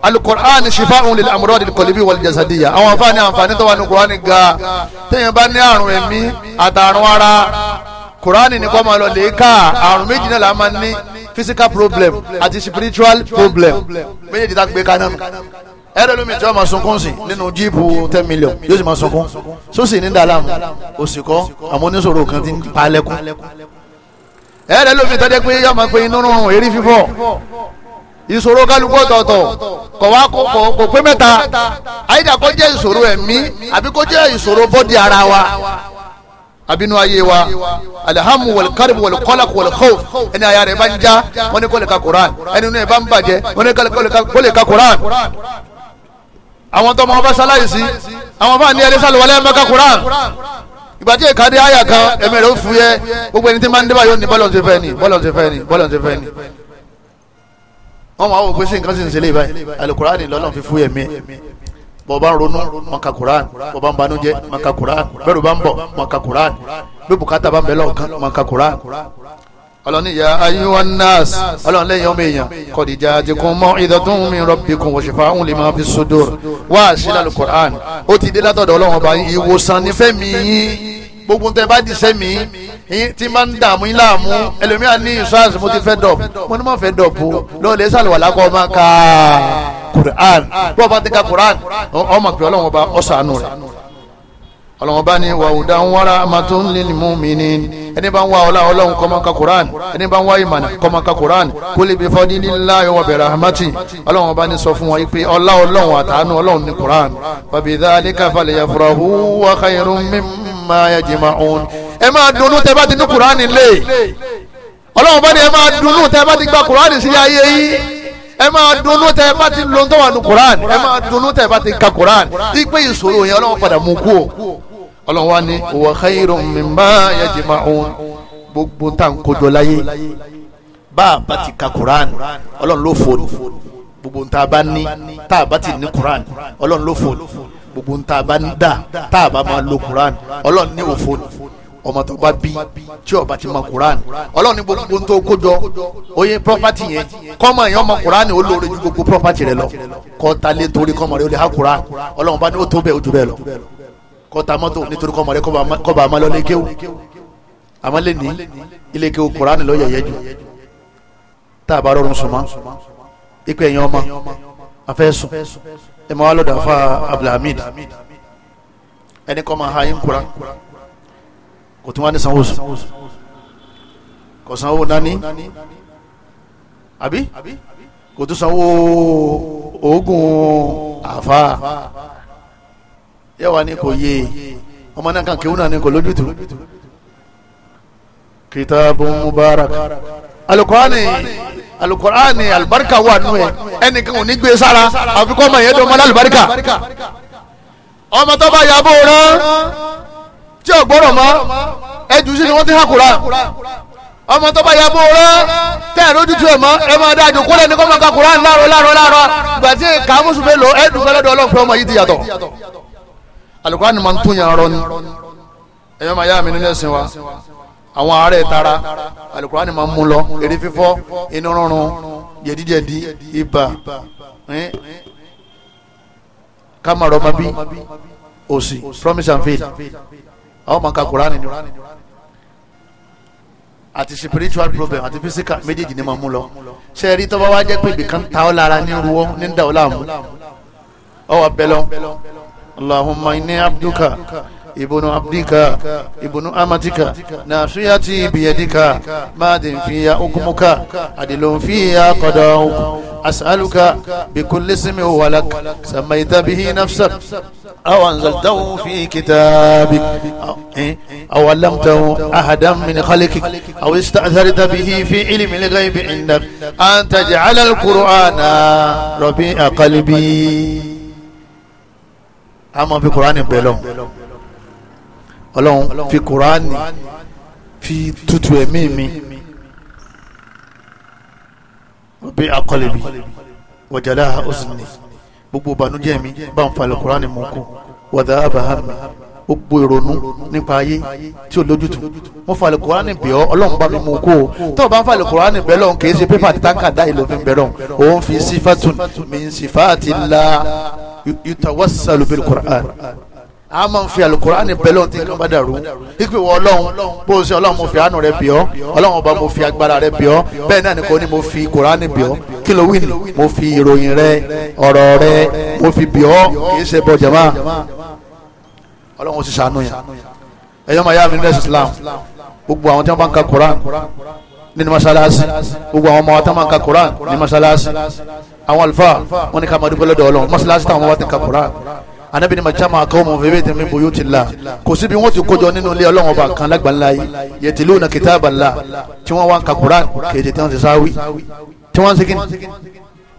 alukur'an shifa'un lil amuradi kolibi wal jasadiya àwọn àǹfààní àǹfààní tó wà ní kur'ani ga téèyàn bá ní àrùn ẹ̀mí àtàrùn ara kur'ani ní kó máa lọ lè àrùn méjì náà la máa ní physical problem àti spiritual problem méjèèjì tá a gbé kanáà ẹ̀rọ lómi tí wọ́n máa sunkún sí nínú jíìpù ten million yóò sì máa sunkún sósì ní dàlámù òsìkọ́ àmọ́ oníṣòro kan ti ń palẹ̀kùn ẹ̀rọ lómi tọ́jú pé yóò máa pe inú rúnrún èrí fífọ́ ìṣòro kálukú ọ̀tọ̀ọ̀tọ̀ kọ̀ wá kò pé mẹ́ta àyídà kó jẹ́ ìṣòro ẹ̀mí àbí kó jẹ́ ìṣòro bọ́dì ara wa abinu ayé wa alhamu walkarib walkolak walkof ẹni aya rẹ̀ bá ń já wọ́n ní kó lè ka koran ẹni inú ẹ̀ bá ń bàjẹ́ wọ́n ní kó lè ka koran àwọn tó ma ọba sáláyé sí àwọn bá ní ẹlẹ́sàlù wọlé ẹ̀ mẹ́ka koran ìgbà tí èka aya kan ẹ̀mẹ̀rẹ̀ ó fúyẹ́ gbogbo ẹni tí máa ń débà yóò ní bọ́lọ̀ ń ṣe ni bọ́lọ̀ ń ṣe ni bọ́lọ̀ ń ṣe ni wọ́n máa wò pé sí nǹkan sì ń ṣe léyìí báyìí alukurani lọ́lọ́run fi fúyẹ̀ mí bọ́ bá ń ronú mọ ka kuran bọ́ bá ń banújẹ́ mọ ka kuran bá ń bọ̀ mọ ka bí bùkátà bá ń bẹ̀ lọ́ọ̀kan mọ ka ọlọ́ni ya ayyuhan nas ọlọ́ni lẹ́yìn ọmọ èèyàn kọ̀dìjà àjẹkùn mọ́ ìdọ̀tún min rabbikum wa shifa'un lima fi sudur wá sílẹ̀ alukurani ó ti dé látọ̀dọ̀ ọlọ́run ọba ìwòsàn gbogbo tẹ bá di sẹ́mi tí máa ń dààmú yín láàmú ẹlòmíà ní insurance mo ti fẹ́ dọ̀p mo ní mo fẹ́ dọ̀p o lọ́ọ̀lẹ́ sàlùwàlá kọ́ máa ka Quran bọ́ọ̀ bá ti ka Quran ọmọ pé ọlọ́run ọba ọ̀sánú rẹ̀ ọlọ́run bá ní wàhùdá ń wára amatun lil mu'minin ẹni bá ń wá ọlá ọlọ́run kọ́ máa ka Quran ẹni bá ń wá ìmọ̀nà kọ́ máa ka Quran kó lè bí fadlillahi wa bi rahmati ọlọ́run bá ní sọ fún wọn pé ọlá ọlọ́run àtàánú ọlọ́run ní Quran fa bi dhalika falyafrahu wa khayrun mimma amma yajma'un ẹ máa dunnú tẹ bá ti ní kuraani lé ọlọ́run bá ní ẹ máa dunnú tẹ bá ti gba kuraani sí ayé yìí ẹ máa dunnú tẹ bá ti lo tó wà ní kuraani ẹ máa dunnú tẹ bá ti ka kuraani ipe ìṣòro yẹn ọlọ́run padà mú kú o ọlọ́run wa ní wa khayrun mimma yajma'un gbogbo tá à ń kojọ láyé bá a bá ti ka kuraani ọlọ́run ló fò ní gbogbo tá a bá ní tá a bá ti ní kuraani ọlọ́run ló fò ní gbogbo ń tá a bá ń dà tá a bá máa lo Quran ọlọ́run ní òfo ọmọ tó bá bí tí ọba ti mọ Quran ọlọ́run ní gbogbo ń tó kójọ oyè property yẹn kọ́mọ yẹn ọmọ Quran ó lóore ju gbogbo property rẹ lọ kọ́ta lé torí kọ́mọ rẹ ó lè ha Quran ọlọ́run bá ní ó tó bẹ́ẹ̀ ó ju bẹ́ẹ̀ lọ kọ́ta mọ́tò nítorí kọ́mọ rẹ kọ́ba àmọ́ lọ́lé kéwù àmọ́ lè ní ilé kéwù Quran lọ́yẹ̀yẹ́ jù tá a bá rọrùn sùnmọ́ ipe ẹ̀yìn ọmọ afẹ́sùn ẹ máa wá lọ́dọ̀ afa abdulhamid ẹni kọ́ máa ha yín kura kò tún wá ní sanwó sùn kò sanwó nání àbí kò tún sanwó oògùn àfa yẹ wà ní kò yé ọmọ náà kàn kéwù náà kò lójútu kìtàbù mubarak alukọ́ni. Alukuran ni albarika nù ẹ ẹnìkan ò ní gbé sára àfikún ọmọ yẹn dọmọ lálùbáríkà ọmọ tó bá yà bó tí ò gbọ́dọ̀ mọ́ ẹjù sí ni wọ́n ti hàkùrà ọmọ tó bá ya bó rẹ tẹ ẹ lójú tu ẹ mọ ẹ máa dájú kó lẹni kó máa ka kuran láàrọ̀ láàrọ̀ láàrọ̀ gbàtí ká mùsùlùmí lò ẹ dùn fẹlẹ fún ọmọ yìí ti yàtọ̀ alukóra ni màá tún yàn rọ ni ẹ yọ máa yá nínú ẹsìn wa àwọn àárẹ̀ tara alukurani máa ń mú lọ eré fífọ́ inú rúnrún jẹ̀díjẹ̀dí ibà Kamara ọmọ bí òsì promise and faith àwọn máa ka kurani ni àti spiritual problem àti physical méjèèjì ni máa mú lọ ṣe é rí tọ́ba wá jẹ́ pé ibìkan ta ọ́ lára ní ruwọ́ ní dàọ́ láàmú ọ̀wà bẹ́lọ́ Allahumma inni abduka ibùnú abdika ibùnú amatika nàṣúyàtì bìyẹdìka máàdìn fìyà okumuka àdìlòn fìyà kọdọọk as'aluka bikulli ismi walak samaita bihi nafsak aw anzaltahu fi kitabik eh, aw allamtahu ahadan min khalqik aw ista'tharta bihi fi ilmi al-ghayb indak an taj'ala al-qur'ana rabi'a qalbi ama fi qur'ani belon ọlọ́run fi kuraani fi tutù ẹ̀mí mi bí akọlẹ̀bi wàjàdá ọ̀sìnì gbogbo ìbànújẹ́ mi bá ń falẹ̀ kuraani mú kú wàdà abahami gbogbo ìrònú nípa ayé tí ò lójútu mo falẹ̀ kuraani bẹ̀ ọ́ ọlọ́run bá mi mú kú o tó o bá ń kuraani bẹ̀ lọ́n kì ṣe pépà tí táǹkà dá ìlú fi bẹ̀ lọ́n òun fi sífàtún min sífàtì la yutawassalu bil kuraani a máa ń fi alukurani bẹ́lọ̀ tí nǹkan bá dàrú ipe wọ ọlọ́run bó o ṣe ọlọ́run mo fi àánú rẹ bíọ́ ọlọ́run ọba mo fi agbára rẹ bíọ́ bẹ́ẹ̀ náà nìkan ni mo fi kurani bíọ́ kí ló wí mo fi ìròyìn rẹ ọ̀rọ̀ rẹ mo fi bíọ́ kì í ṣe bọ́ jama ọlọ́run ti ṣàánú yẹn ẹ̀yọ́ màá yá mi nílẹ̀ Islam gbogbo àwọn tí wọ́n bá ń ka kuran nínú masalasi gbogbo àwọn ọmọ wa tí wọ́n bá ń ka kuran ní masalasi àwọn alifa wọn ni ká máa dúpẹ́ lọ́dọ̀ ọlọ́run masalasi táwọn ọmọ wa ti ka kuran anabi ni majama akawmu fi baitin min buyutillah kò síbi wọn ti kójọ nínú ilé Ọlọ́run ọba kan lágbàlá yìí yatiluna kitaballah tí wọ́n wá ń ka Qur'an kéde tí wọ́n ti sáwí tí wọ́n ń segin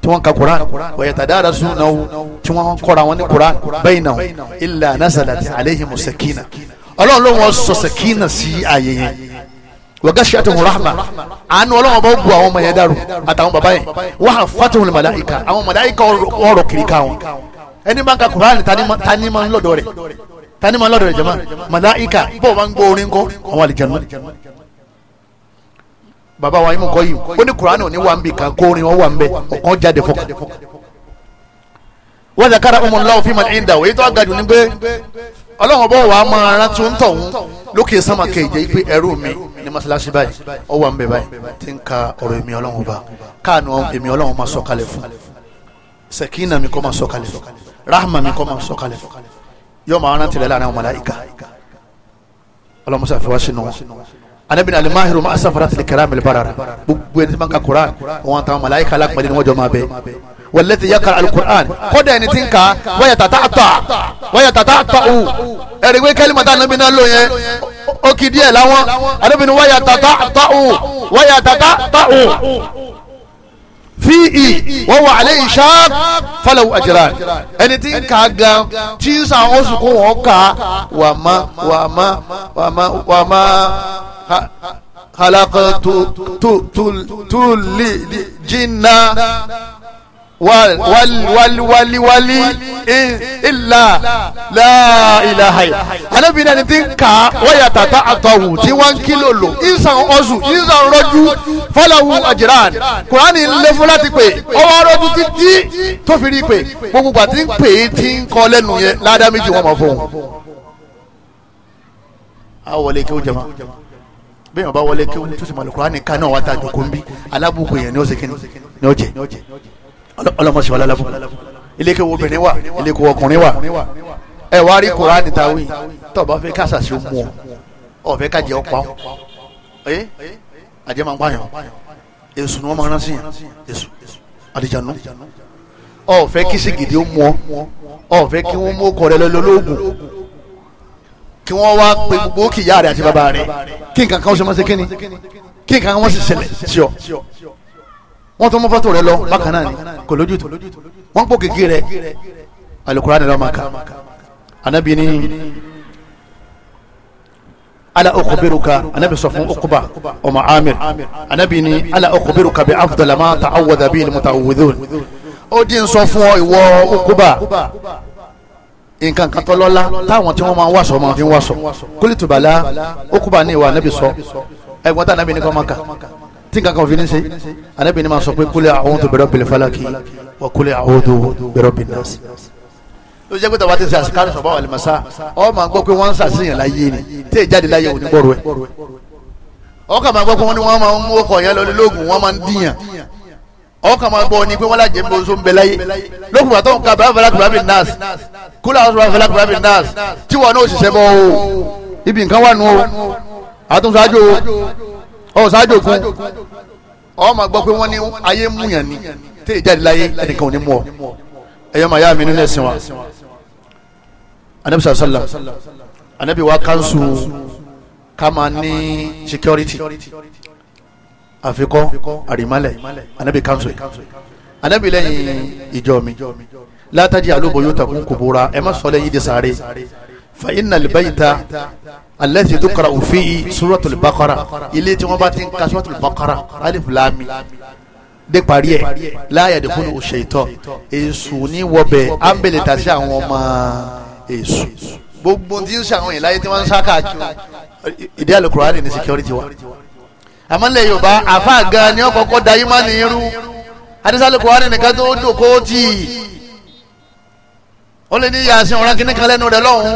tí wọ́n ka Qur'an wa yatadarasunahu tí wọ́n kọ́ra wọn ní Qur'an bainahum illa nazalat alayhimu sakina Ọlọ́run ló wọ́n sọ sakina sí ààyè yẹn wagashiyatuhum rahma àánú Ọlọ́run bá bu àwọn ọmọ yẹn dàrú àtàwọn yẹn wa hafatuhumul malaika àwọn màláìka ọ̀rọ̀ kiri ká ẹni bá ń ka Quran tani máa ń lọ́dọ̀ rẹ̀ tani máa ń lọ́dọ̀ rẹ̀ jama malaika bó o máa ń gbọ́ orin kọ́ àwọn àlìjẹ̀nu. bàbá wa imú kọ́ yìí ó ní Quran òní wà ń bì kan kó orin wọn wà ń bẹ ọ̀kan jáde fọkàn. wọ́n zakara umullahu fi man inda èyí tó agadu ni pé ọlọ́run bọ́ wàá máa rán tó ń tọ̀hún lókè sánmà kejì pé ẹrú mi ní masalasi báyìí ó wà ń bẹ báyìí tí ń ka ọ̀rọ̀ èmi ọlọ́run bá káànù èmi ọlọ́run máa sọ̀kalẹ̀ fún sẹ̀kínà mi kọ́ máa sọ̀kalẹ̀ fún rahma mi kọ́ máa sọ̀kalẹ̀ yóò máa rántí rẹ̀ láàrin àwọn màláìka ọlọ́musa fi wá sínú wọn anabini alimahiru ma asafara tili kẹrẹ amẹlẹ bara rẹ gbogbo ẹni tí ma ka koran wọn ta màláìka alákùnrin ni wọn jọ ma bẹ wàlẹ́tì yakara alukur'an kọ́dà ẹni tí ń ka wáyà tata ta Waya tata ta u ẹ̀rí wí kẹ́límọ̀tà anabi náà lò yẹn ó kì í díẹ̀ láwọn anabi ni wáyà tata ta u Waya tata ta u fi i wọ́n wà alẹ́ ìṣá fọlẹ̀ àjẹrà ẹni tí ń ka gan tí ń sàn ó sùn kó wọ́n ka wà má wà má wà má wà má halakọ̀ tó tó tó tó lè jìnnà wàlíwàlíwàlí ìlà láìláhàì anábìrin ẹni tí ń ka wáyà tàtà àtọ̀wù tí wọ́n kílò lò ìsàn ọ̀sùn ìsàn rọ́jú fọ́láwù àjìrán kùránì ń lé fún láti pè ọwọ́ rọ́jú títí tó fi rí pè gbogbo gbà tí ń pè é tí ń kọ́ lẹ́nu yẹn ládàá méjì wọ́n máa fọ́hùn. a wọlé kí ó jẹ ma bẹ́ẹ̀ ni wọ́n bá wọlé kí ó tó sì máa lò kùránì ká náà wá ta àjòkó ń bí alábùkù yẹn ni ó ṣe kí ni ó jẹ ọlọmọsí wa lálàfọ ilékè wo obìnrin wa ilékè wo ọkùnrin wa ẹ wá rí kuraani tawí tọba fẹ kásà sí mú ọ ọfẹ kájẹ ọpa ọ ẹ àjẹ máa ń pààyàn èsù ni wọn máa ń rántí yàn èsù àdìjànú ọfẹ kí sìgìdì ó mú ọ ọfẹ kí wọn mú ọkọ rẹ lọ lọlọgùn kí wọn wá pe gbogbo kìyà rẹ àti bàbá rẹ kí nǹkan kan ó ṣe máa ṣe kíni kí nǹkan kan wọn sì ṣẹlẹ̀ sí ọ wọ́n tún mú fọ́tò rẹ lọ bákan náà ni kò lójútu wọ́n pò kékeré rẹ alukurani lọ́ọ́ máa ka anabi ni ala okubiruka anabi sọ fún okuba ọmọ amir anabi ni ala okubiruka bi afdalama ta awọda bi ilmu ta awudun ó di n sọ fún ọ ìwọ okuba nǹkan kan tó lọ́lá táwọn tí wọ́n máa ń wàsọ máa fi ń wàsọ kólítùbàlá okuba ní ìwà anabi sọ ẹ̀gbọ́n tá anabi ní kọ́ máa kà tí nǹkan kan ò fi ní ṣe anábì ni máa sọ pé kúlẹ̀ àwọn tó bẹ̀rẹ̀ bẹ̀rẹ̀ falaki wà kúlẹ̀ àwọn tó bẹ̀rẹ̀ bẹ̀rẹ̀ nasi. ló jẹ́ pé tàwa ti ṣe àṣekárí sọ̀bá wà lẹ́mọ̀sá ọ máa gbọ́ pé wọ́n ń ṣàṣeyàn láyé ni tí èyí jáde láyé òní gbọ́rọ̀ ẹ̀. ọkà máa gbọ́ pé wọ́n ní wọ́n máa ń mú ọkọ̀ yẹn lọ lóògùn wọ́n máa ń dìyàn ọkà máa gbọ́ ni pé wọ́n lájẹ̀ mbọ́ nsọ́ mbẹ láyé lókùnrin àtọ́wọ́n ká bàbá fẹlẹ́ kùbàbí nurse kúlẹ̀ àwọn sọ̀rọ̀ fẹlẹ́ kùbàbí nurse tí wọn náà ò sì sẹ́bọ̀ o ibi nǹkan wà nù o àtúnṣe àjò o ọ ṣáájú kun, ọ máa gbọ́ pé wọ́n ní ayé mú yàn ni tẹ́ ìjáde láyé ẹnìkan ò ní mú ọ ẹ̀yọ́ màá yá mi nínú ẹ̀sìn wa anabi sàlá anabi wa kanṣu ká máa ní security àfikọ́ àrímálẹ̀ anabi kanṣu anabi lẹ́yìn ìjọ mi látàjì àlóbọ̀ yóò tàkùn kò bóra ẹ má sọ lẹ́yìn ìdí sáré fa iná lè báyìí ta alẹ́sìn tó kara òfin yìí suratul bakara ilé tí wọ́n bá ti ń ka suratul bakara alif lami dé parí ẹ̀ láàyè dẹ́kun òṣèìtọ́ èṣù ní wọbẹ̀ ámbẹ̀lẹ̀ tàṣí àwọn ọmọ èṣù gbogbo tí ń ṣàwọn ìláyé tí wọ́n ń sáká ìdí àlùkùránì ní security wa àmọ́ yorùbá àfa gan ni ọkọ̀ kọ́ da yín má ní irú adísàlùkùránì nìkan tó dòkó tì í ó lè ní yasin ọ̀ràn kíní kan lẹ́nu rẹ̀ lọ́hùn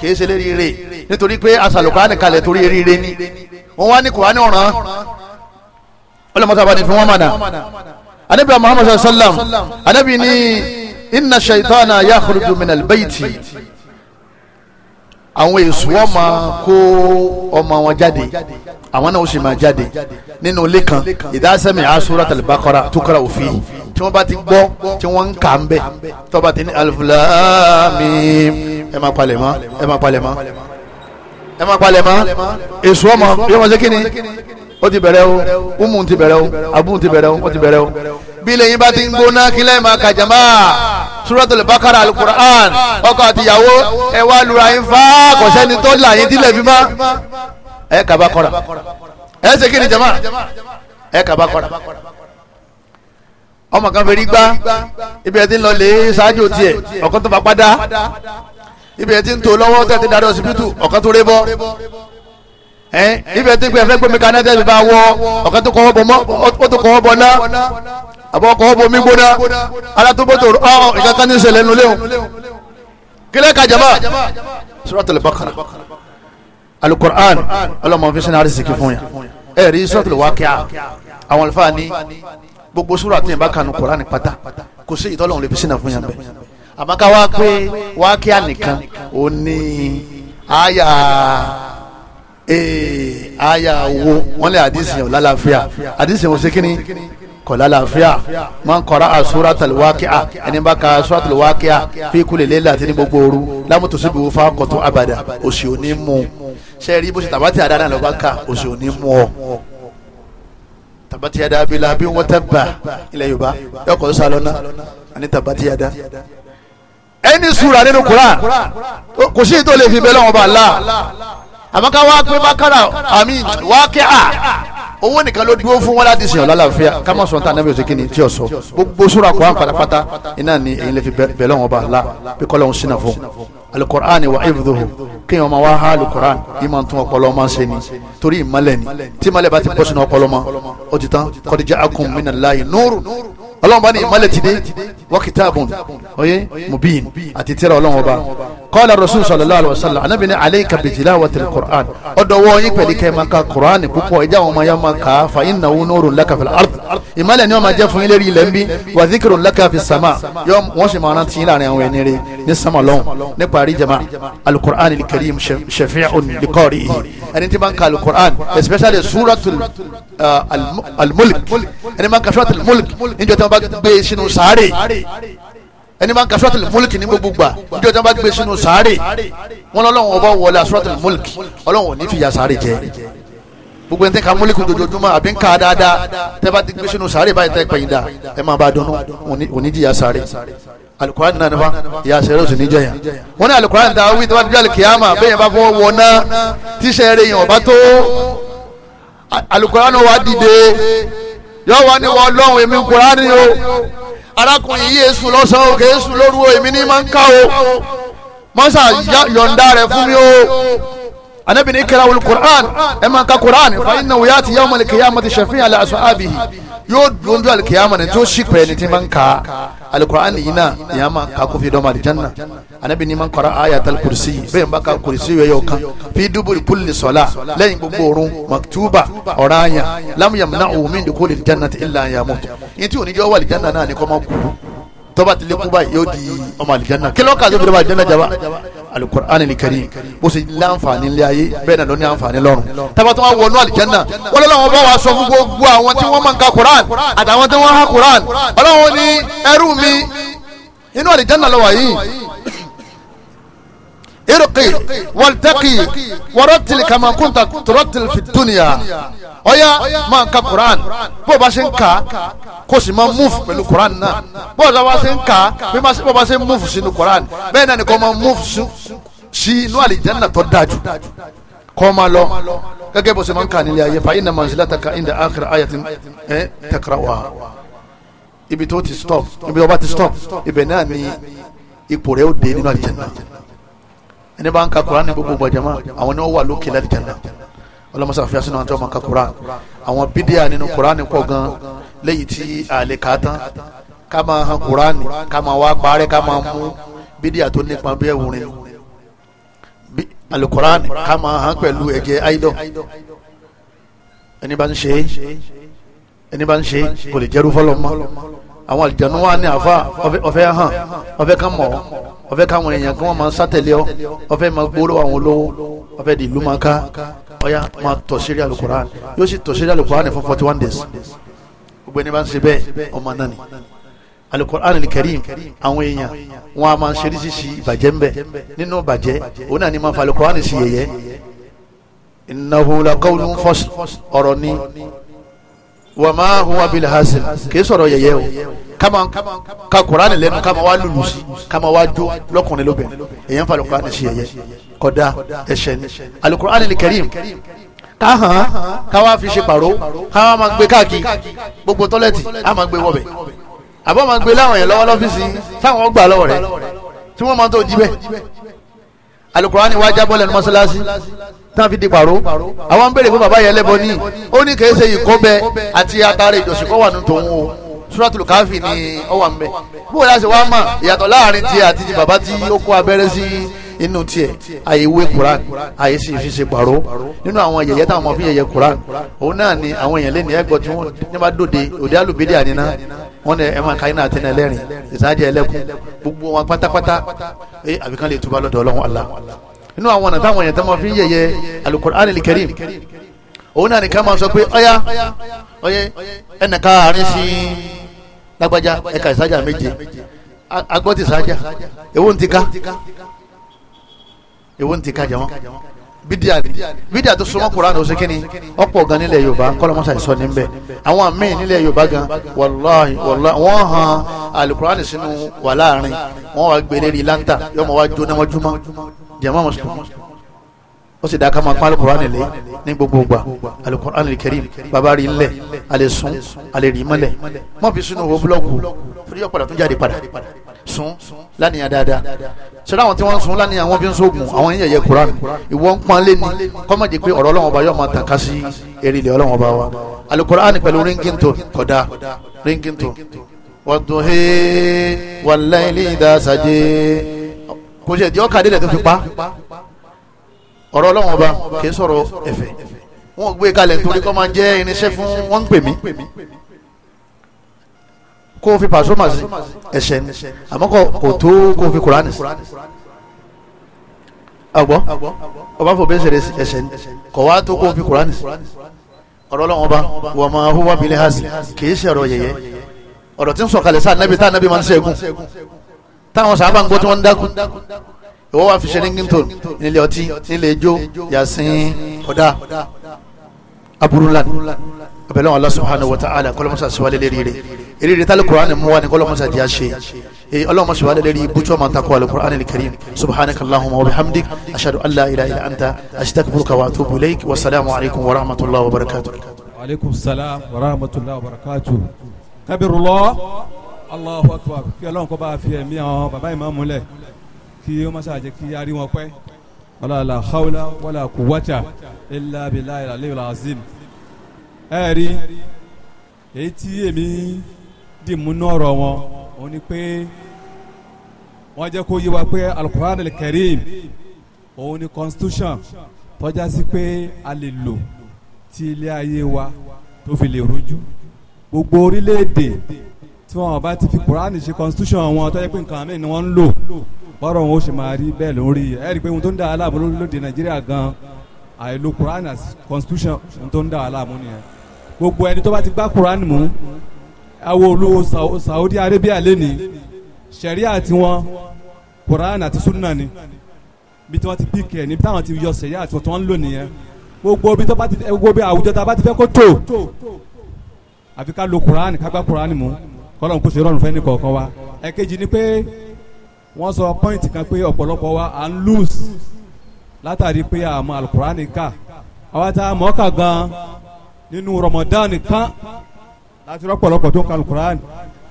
kìí ṣe lérí ire nítorí pé asàlùkùránì kalẹ̀ torí eré ire ni wọ́n wá ní kùránì ọ̀ràn ọlọ́mọta bá ní fi wọ́n mọ̀nà anabi muhammad sallam anabi ní inna shaitana yakhruju min albayti àwọn èṣù wọn máa kó ọmọ wọn jáde àwọn náà ó sì máa jáde nínú ilé kan ìdásẹ́mi asúra tàlíbákọ́ra tókàrà òfin tí wọ́n bá ti gbọ́ tí wọ́n ń kà ń bẹ̀ tọ́ba ti ní alifulami ẹ máa palẹ̀ mọ́ ẹ máa palẹ̀ mọ́ ẹ máa palẹ̀ mọ́ èṣù ọmọ bí wọ́n ṣe ó ti bẹ̀rẹ̀ o umu ti bẹ̀rẹ̀ o abu ti bẹ̀rẹ̀ o ó ti bẹ̀rẹ̀ o bí lẹ́yìn bá ti ń gbóná kí lẹ́yìn máa kàjàmá suratul bakara alukur'an ọkọ àtìyàwó ẹ wá lura yín fá kọ̀sẹ́ni tó là yín tilẹ̀ fi má ẹ kaba kọ́ra ẹ ṣe kí ni jama ẹ kaba kọ́ra ọmọ kan fẹ́ rí gbá ibi ẹ ti ń lọ lè ṣáájú tiẹ̀ ọ̀kan tó fapá dá ibi ẹ ti ń tò lọ́wọ́ ti darí ọsibítù ọ̀kan tó ré bọ́ ibẹ̀ tí gbẹ̀fẹ́ gbẹ̀mí kaná tẹ̀ ti bá wọ ọ̀kan tó kọ́ wọ́ bọ̀ mọ́ ó tó kọ́ àbọ̀kọ́ bomi gbóná alátúbọ̀tò ọ̀ ìkankan ní ìṣẹ̀lẹ̀ nulẹ̀ o kílẹ̀ kàjàmá suratul Baqara alukur'an ọlọ́mọ fi sinna arísìkì fún yà ẹ rí suratul Waqi'a àwọn alifa ni gbogbo sura tó yẹn bá kanu kur'an pátá kò sí ìtọ́lọ́ òun lè fi sinna fún yà bẹ́ẹ̀ àmàkà wá pé Waqi'a nìkan ò ní àyà eh, àyà wo wọn lè àdìsí yẹn lálàáfíà àdìsí yẹn ò kọ̀lá làáfíà máa ń kọ́ra àsúrà tàlùwákìá ẹni bá ka àsúrà tàlùwákìá fi kulè lélẹ̀ àti ní gbogbo ooru lámùtò síbi wo fa kọ̀tún abàdà òsì ò ní mú un ṣe rí bó ṣe tàbátì àdáná lọ́ba ká òsì ò ní mú ọ tàbátì àdá abilà bí wọ́n tẹ́ bá ilẹ̀ yorùbá yọkọ̀ sá lọ́nà àní tàbátì àdá ẹni sùúrà nínú Qur'an kò sí ètò fi bẹ́ẹ̀ lọ́wọ́ bá a la àmọ́ ká wá pé bákàrà àmín wákìá owó nìkan ló dúró fún wọn láti sìn ọ̀làlàfíà ká má sọ ní tànàbí oṣù kìíní tí o sọ gbogbo sura Qur'an pátápátá iná ni èyí lè fi bẹ̀rẹ̀ lọ́wọ́ bá la bí kọ́ lọ́wọ́ sínú fún alukur'ani wa ifduhu kéèyàn máa wá ha alukur'an ìmọ̀ tún ọpọlọ máa ń ṣe ni torí ìmọ̀lẹ̀ ni tí ìmọ̀lẹ̀ bá ti bọ́ sínú ọpọlọ mọ́ ó ti tán kọ́díjà akun minalayi nuru ọlọ́run bá ní ìmọ̀lẹ̀ ti dé wa kitabun oyè mubin àti tẹ́lẹ̀ ọlọ́run ọba qala rasul sallallahu alayhi wa sallam anabi ni alayka bi tilawatil qur'an ọ̀dọ̀ wọ́n yín pẹ̀lú kẹ́ máa ka qur'an púpọ̀ ẹ̀jẹ̀ àwọn ọmọ yẹn máa kà á fa innahu nurun laka fil ard ìmọ̀lẹ̀ ni wọ́n máa jẹ́ fún ilé rí ilẹ̀ ń bí wa dhikrun laka sama wọ́n sì máa rántí láàrin àwọn ẹni rẹ ní sama ní parí jama alukur'an alkarim shafi'un likori ẹni tí máa ka alukur'an especially suratul uh, almulk ẹni máa ń ka suratul mulk níjọ́ tí wọ́n bá gbé sínú sàárè ẹni máa ń ka suratul mulk ní gbogbo gbà níjọ́ tí wọ́n bá gbé sínú sàárè wọn lọ́wọ́ ọba wọlé suratul mulk ọlọ́wọ́ ní fìyà sàárè jẹ gbogbo ẹni tẹ́ ka múlíkù dojoojúmọ́ àbí ń ka dáadáa tẹ́ bá ti gbé sínú sàárè báyìí tẹ́ pẹ̀yìn dá ẹ máa bá dunnú onídìyà sàárè alukuraani nani fa ìyá sẹ́rẹ́ òsì níjọ́ yẹn wọ́n ní alukuraani ta wí tọ́wọ́ díjọ́ kìáma bẹ́ẹ̀ bá fọ́ wọ tíṣẹ́ rẹ̀ yẹn ọ̀bá tó alukuraani wa dìde yóò wá ní wọ ọlọ́run èmi Kùránì o arákùnrin yìí èsù lọ́sàn-án òkè èsù lóru èmi ní máa ń ká o mọ́sà yọ̀ǹda rẹ̀ fún mi o anabi ni kira wuli qur'an ẹ máa ka qur'an fa inna wuya ti yawma alikiyama ti shafi'an ala ashabihi yóò dundun alikiyama ni tí ó sì pẹ̀lú tí máa ń ka alikqur'an yìí náà ìyá máa ka kófì dọ́mọ alijanna anabi ni máa ń kọ́ra ayatal kursi bẹ́ẹ̀ bá ka kursi yẹ yóò kan fi duburi kulli sọ̀la lẹ́yìn gbogbo oorun maktuba ọ̀ranyàn lam yamna'u min dukhuli aljannati illa an yamut ní tí ò ní jọ́ wà alijanna náà ni kọ́ máa tọ́ba tilẹ̀ kuba báyìí yóò di ọmọ alijanna kí ló kà tó alijanna jaba alukur'an ni kari bó ṣe ní àǹfààní ilé ayé bẹ́ẹ̀ náà ló ní àǹfààní lọ́run tàbá tó wà wọnú alijanna wọ́n lọ́wọ́ bá wa sọ fún gbogbo àwọn tí wọ́n máa ka quran àtàwọn tí wọ́n ha quran ọlọ́wọ́n ni ẹrú mi inú alijanna lọ́wọ́ yìí irqi waltaqi warattil kama kunta turattil fi dunya oya máa ka quran bó o bá ṣe ń ka kó o sì máa move pẹ̀lú quran náà bó o bá ṣe ń ka bó o bá ṣe ń move sínú quran bẹ́ẹ̀ náà ni kò máa move sí inú àlìjáná tó dájú kọ́ máa lọ gẹ́gẹ́ bó ṣe máa ń kà nílé ayé fa inna manzilataka inda akhir ayatin ẹ̀ takra'uha ibi tó ti stop ibi tó bá ti stop ibẹ̀ náà ni ipò rẹ̀ ó dé nínú àlìjáná ẹni bá ń ka Qur'an ní gbogbo bọ̀jẹ̀mọ́ àwọn ni wọ́n wà lókè láti jẹ̀nà ọlọ́mọsá fi asinu àti ọmọ ka Qur'an àwọn bídíà nínú Qur'an pọ̀ gan léyìí tí àlè ká tán ká máa han Qur'an ká máa wá parẹ́ ká máa mú bídíà tó nípa bí ẹ̀wùrin alukuran ká máa han pẹ̀lú ẹ̀jẹ̀ idol ẹni bá ń ṣe ẹni bá ń ṣe kò lè jẹ́rú fọlọ́ mọ́ àwọn àlìjànú wa ní àfa ọ̀fẹ́ hàn ọ̀fẹ́ kan mọ̀ ọ̀fẹ́ káwọn èèyàn kí wọ́n máa sátẹ̀lé ọ ọ̀fẹ́ máa gbóró àwọn olówó ọ̀fẹ́ di ìlú máa ká ọ̀yá máa tọ̀ sírí alukoran yóò sì tọ̀ sírí alukoran fún forty one days gbogbo ẹni bá ń ṣe bẹ́ẹ̀ ọmọ náà ni alukoran ni karim àwọn èèyàn wọn a máa ń ṣeríṣi sí ìbàjẹ́ ń bẹ nínú ìbàjẹ́ òun náà ni máa fa alukoran sí yẹ̀yẹ́ innahu laqawlun fasl ọ̀rọ̀ ni wa ma huwa bil hasil kìí sọ̀rọ̀ yẹ̀yẹ́ o kama ka kurani lẹ́nu kama wa lulu kama wa jo lọ́kùnrin lóbìnrin èyàn fa alukurani si yẹ̀yẹ́ kódà ẹ̀ṣẹ̀ ni alukurani ni karim ká hàn án ká wá fi ṣe pàró ká wá máa gbé káàkiri gbogbo tọ́lẹ́tì á máa gbé wọ́bẹ̀ àbọ̀ máa gbé láwọn yẹn lọ́wọ́ lọ́fíìsì táwọn gbà lọ́wọ́ rẹ̀ tí wọ́n máa tó jí bẹ́ẹ̀ alukurani wá jábọ́ lẹ́nu mọ́sálásí tá a fi di pàró àwọn ń béèrè fún bàbá yẹn lẹ́bọ ní ó ní kìí ṣe ìkọ́bẹ àti atare ìjọsìn kọ́ wà nù tòun o suratul káfí ni ó wà mbẹ bóyá láti wá mọ̀ ìyàtọ̀ láàrin tiẹ̀ àti ti bàbá tí ó kó abẹ́rẹ́ sí inú tiẹ̀ àyè ìwé Quran àyè sì fi ṣe pàró nínú àwọn yẹ̀yẹ́ táwọn ọmọ fi yẹ̀yẹ́ Quran òun náà ni àwọn èèyàn lẹ́nu ẹ̀gbọ́n tí wọ́n ní bá dòde òde alùbídé àníná wọn ni ẹ máa ka iná ẹlẹ́rìn ìsáájẹ ẹlẹ́kùn gbogbo wọn pátápátá ẹ àbíkan lè túbọ̀ lọ́dọ̀ Ọlọ́run Allah inú àwọn ọ̀nà táwọn èèyàn tó máa fi ń yẹ̀yẹ alukur'an alikarim òun náà nìkan máa sọ pé ọyá ọyẹ ẹnìka àárín sí lágbájá ẹ̀ka ìsájà méje agbọ́ ti sájà èwo ń ti ká èwo ń ti ká jẹun bídíà ni bídíà tó súnmọ́ kuran ó ṣe ni ọ̀pọ̀ gan nílẹ̀ yorùbá kọ́lọ́mọ́sá ìsọ ní bẹ́ẹ̀ àwọn míì nílẹ̀ yorùbá gan wàláhì wàláhì wọ́n han alukurani sínú wà wọ́n wá gbélé rí láńtà yọmọ wá jóná mọ́júmọ́ jama mùsùlùmí ó sì dáká máa pálí kùránì lé ní gbogbo ìgbà alukùránì kẹrìm bàbá rí ńlẹ̀ alẹ́ sùn alẹ́ rí mọ́lẹ̀ mọ́ fi sínú owó búlọ́ọ̀kù fúdíọ̀ padà tún jáde padà sùn lánìyàn dáadáa ṣẹlẹ̀ àwọn tí wọ́n ń sùn lánìyàn wọ́n fi ń sóògùn àwọn yẹn yẹ kùránì ìwọ ń pọn lé ní kọ́mọ̀jì pé ọ̀rọ̀ ọlọ́wọ́n ọba yóò máa tàn ká sí erile ọlọ́wọ́n ọba wa alukùránì pẹ̀lú ringinto kódà ringinto wàdùn hee wàlẹ́ ilé ìdá sàjẹ́ kò sí ẹ̀jẹ̀ ọkà délẹ̀ tó fi pa ọ̀rọ̀ ọlọ́wọ́n ọba kì í sọ̀rọ̀ ẹ̀fẹ̀ wọ́n gbé kalẹ̀ nítorí kọ́ máa jẹ́ irinṣẹ́ fún wọ́n ń pè mí kó o fi pàṣọmà sí ẹ̀ṣẹ̀ ni àmọ́ kò tó kó o fi kùránì sí àgbọ̀ ọba fò bẹ́ẹ̀ ṣẹlẹ̀ ẹ̀ṣẹ̀ ni kọ̀ wá tó kó o fi kùránì sí ọ̀rọ̀ ọlọ́wọ́n ọba wọ́n máa hùwà bílẹ̀ hàsì kì í ṣe ọ̀rọ̀ yẹ̀yẹ́ ọ̀rọ̀ tí ń sọ̀kalẹ̀ sáà nẹ́bi tá nẹ́bi máa ń ṣẹ́gun táwọn sábà ń gbọ́ tí wọ́n ń dákú ìwọ́ wa fi ṣe ringington nílé ọtí nílé ijó yasin ọ̀dà aburú abẹ́lẹ́ wọn Allah subhanahu wa ta'ala kọ́lọ́mọ́sá síwálé lérí rẹ̀ eré rẹ̀ tálẹ̀ kuraani mú wa ni kọ́lọ́mọ́sá jẹ́ àṣẹ ee ọlọ́mọ síwálé lérí bùtọ́ máa ń takọ́ alẹ́ kuraani al-karim subhanakallahumma wa bihamdik ashhadu an la ilaha illa anta astaghfiruka wa atubu ilayk wa salaamu alaykum wa rahmatullahi wa barakatuh. wa alaykum salaam wa rahmatullahi wa barakatuh. kabirullah. Allahu akbar kí Ọlọ́run kó bá a fi ẹ̀mí àwọn bàbá ìmáàmù lẹ̀ kí ó máa ṣàjẹ́ kí arí wọn pẹ́ ọlọ́la hawla wàlà kùwàtà ilà abilà ìlàlẹ́ ìlàzim. ẹ rí èyí tí èmi dì mú nọ̀rọ̀ wọn òun ni pé wọ́n jẹ́ kó yé wa pé alukur'an al-karim òun ni constitution tọ́já sí pé a lè lò tí ilé ayé wa tó fi lè rújú gbogbo orílẹ̀-èdè tí wọn bá ti fi kuraani ṣe constitution wọn tó yẹ pé nǹkan mi ni wọn ń lò bọ́rọ̀ wọn ó ṣe máa rí bẹ́ẹ̀ lórí ẹ rí i pé ohun tó ń da aláàmú lóde nàìjíríà gan àìlò kuraani as constitution ohun tó ń da aláàmú nìyẹn gbogbo ẹni tó bá ti gbá kuraani mú awo olówó Saudi Arabia lẹ́ni sẹ̀ríà tiwọn kuraani àti sunna ni bí tí wọ́n ti píkì ẹ̀ níbi táwọn ti yọ sẹ̀ríà àti ọ̀tún wọn ń lò nìyẹn gbogbo bí tó bá ti gbogbo bí àwùjọ tá bá ti fẹ́ kó tó àfi ká lo kuraani ká gbá kuraani mú kọ́lọ́n kó ṣe rọrùn fẹ́ni kọ̀ọ̀kan wa ẹ̀kejì ni pé wọ́n sọ pọ́ìntì kan pé ọ̀pọ̀lọpọ̀ wa à ń lùs látàrí pé àmọ́ alukurani kà àwa tá a mọ̀ ọ́ kà gan nínú Ramadan nìkan láti rọ́pọ̀lọpọ̀ tó ń ka alukurani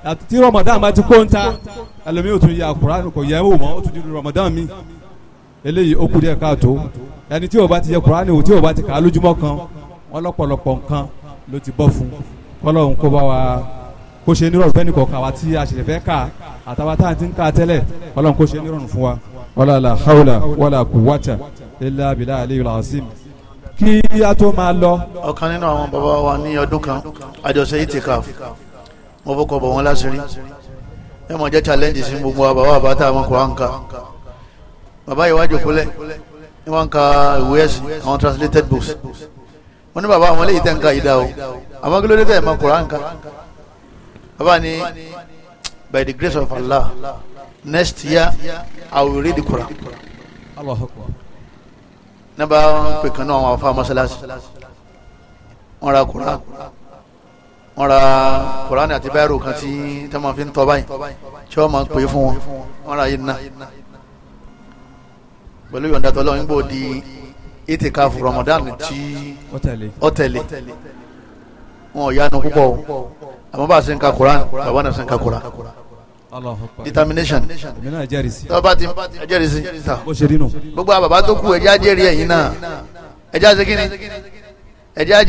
àti tí bá ti kó ń ta ẹlòmíì ò tún yẹ alukurani kò yẹ wò mọ́ ó tún di Ramadan mi eléyìí ó kù díẹ̀ káàtó ẹni tí o bá ti yẹ kurani o tí o bá ti kà á lójúmọ́ kan wọ́n lọ́pọ̀lọpọ̀ nǹkan ló ti bọ́ fún kọ́lọ́hún kó bá wa kó ṣe nírọ̀rùn fẹ́ni kọ̀ọ̀kan àwa tí a ṣẹ̀ṣẹ̀ fẹ́ kà àtàwa tá à ń ti ń kà tẹ́lẹ̀ ọlọ́run kó ṣe nírọ̀rùn fún wa wala la hawla wala quwwata illa billahi aliyul azim kí a tó máa lọ. ọ̀kan nínú àwọn bàbá wa ní ọdún kan àjọṣe yìí ti kà mo fọkọ bọ̀ wọ́n láṣìírí ẹ mọ̀ jẹ́ challenge sí gbogbo wa bàbá àbáta àwọn Kùránì ka bàbá ìwájú kúlẹ̀ ni wọ́n ka ìwé ẹ̀sìn àwọn translated books wọ́n ní bàbá àwọn eléyìí tẹ̀ ń ka ìdá o àwọn kí ló dé tẹ̀ ẹ̀ mọ̀ Kùránì ka bàbá ni by the grace of Allah next year I will read the Quran. ní bá ń pè kan náà àwọn afá masalasi wọn ra Quran wọn ra Quran àti báyìí kan tí tí wọn fi ń tọ́ báyìí tí wọn máa ń pè fún wọn wọn ra yìí ná pẹ̀lú yọ̀ǹda tọ́lọ́ ń gbòó di itikafu Ramadan tí ó tẹ̀lé wọn ò yánu púpọ̀ o àmọ́ bá a ṣe ń ka koran bàbá náà ṣe ń ka koran determination tó bá ti ajẹ́rìsí gbogbo àbàbà tó kù ẹ̀jẹ̀ ajẹ́rìí ẹ̀yìn náà ẹ̀jẹ̀ àṣekínni ẹ̀jẹ̀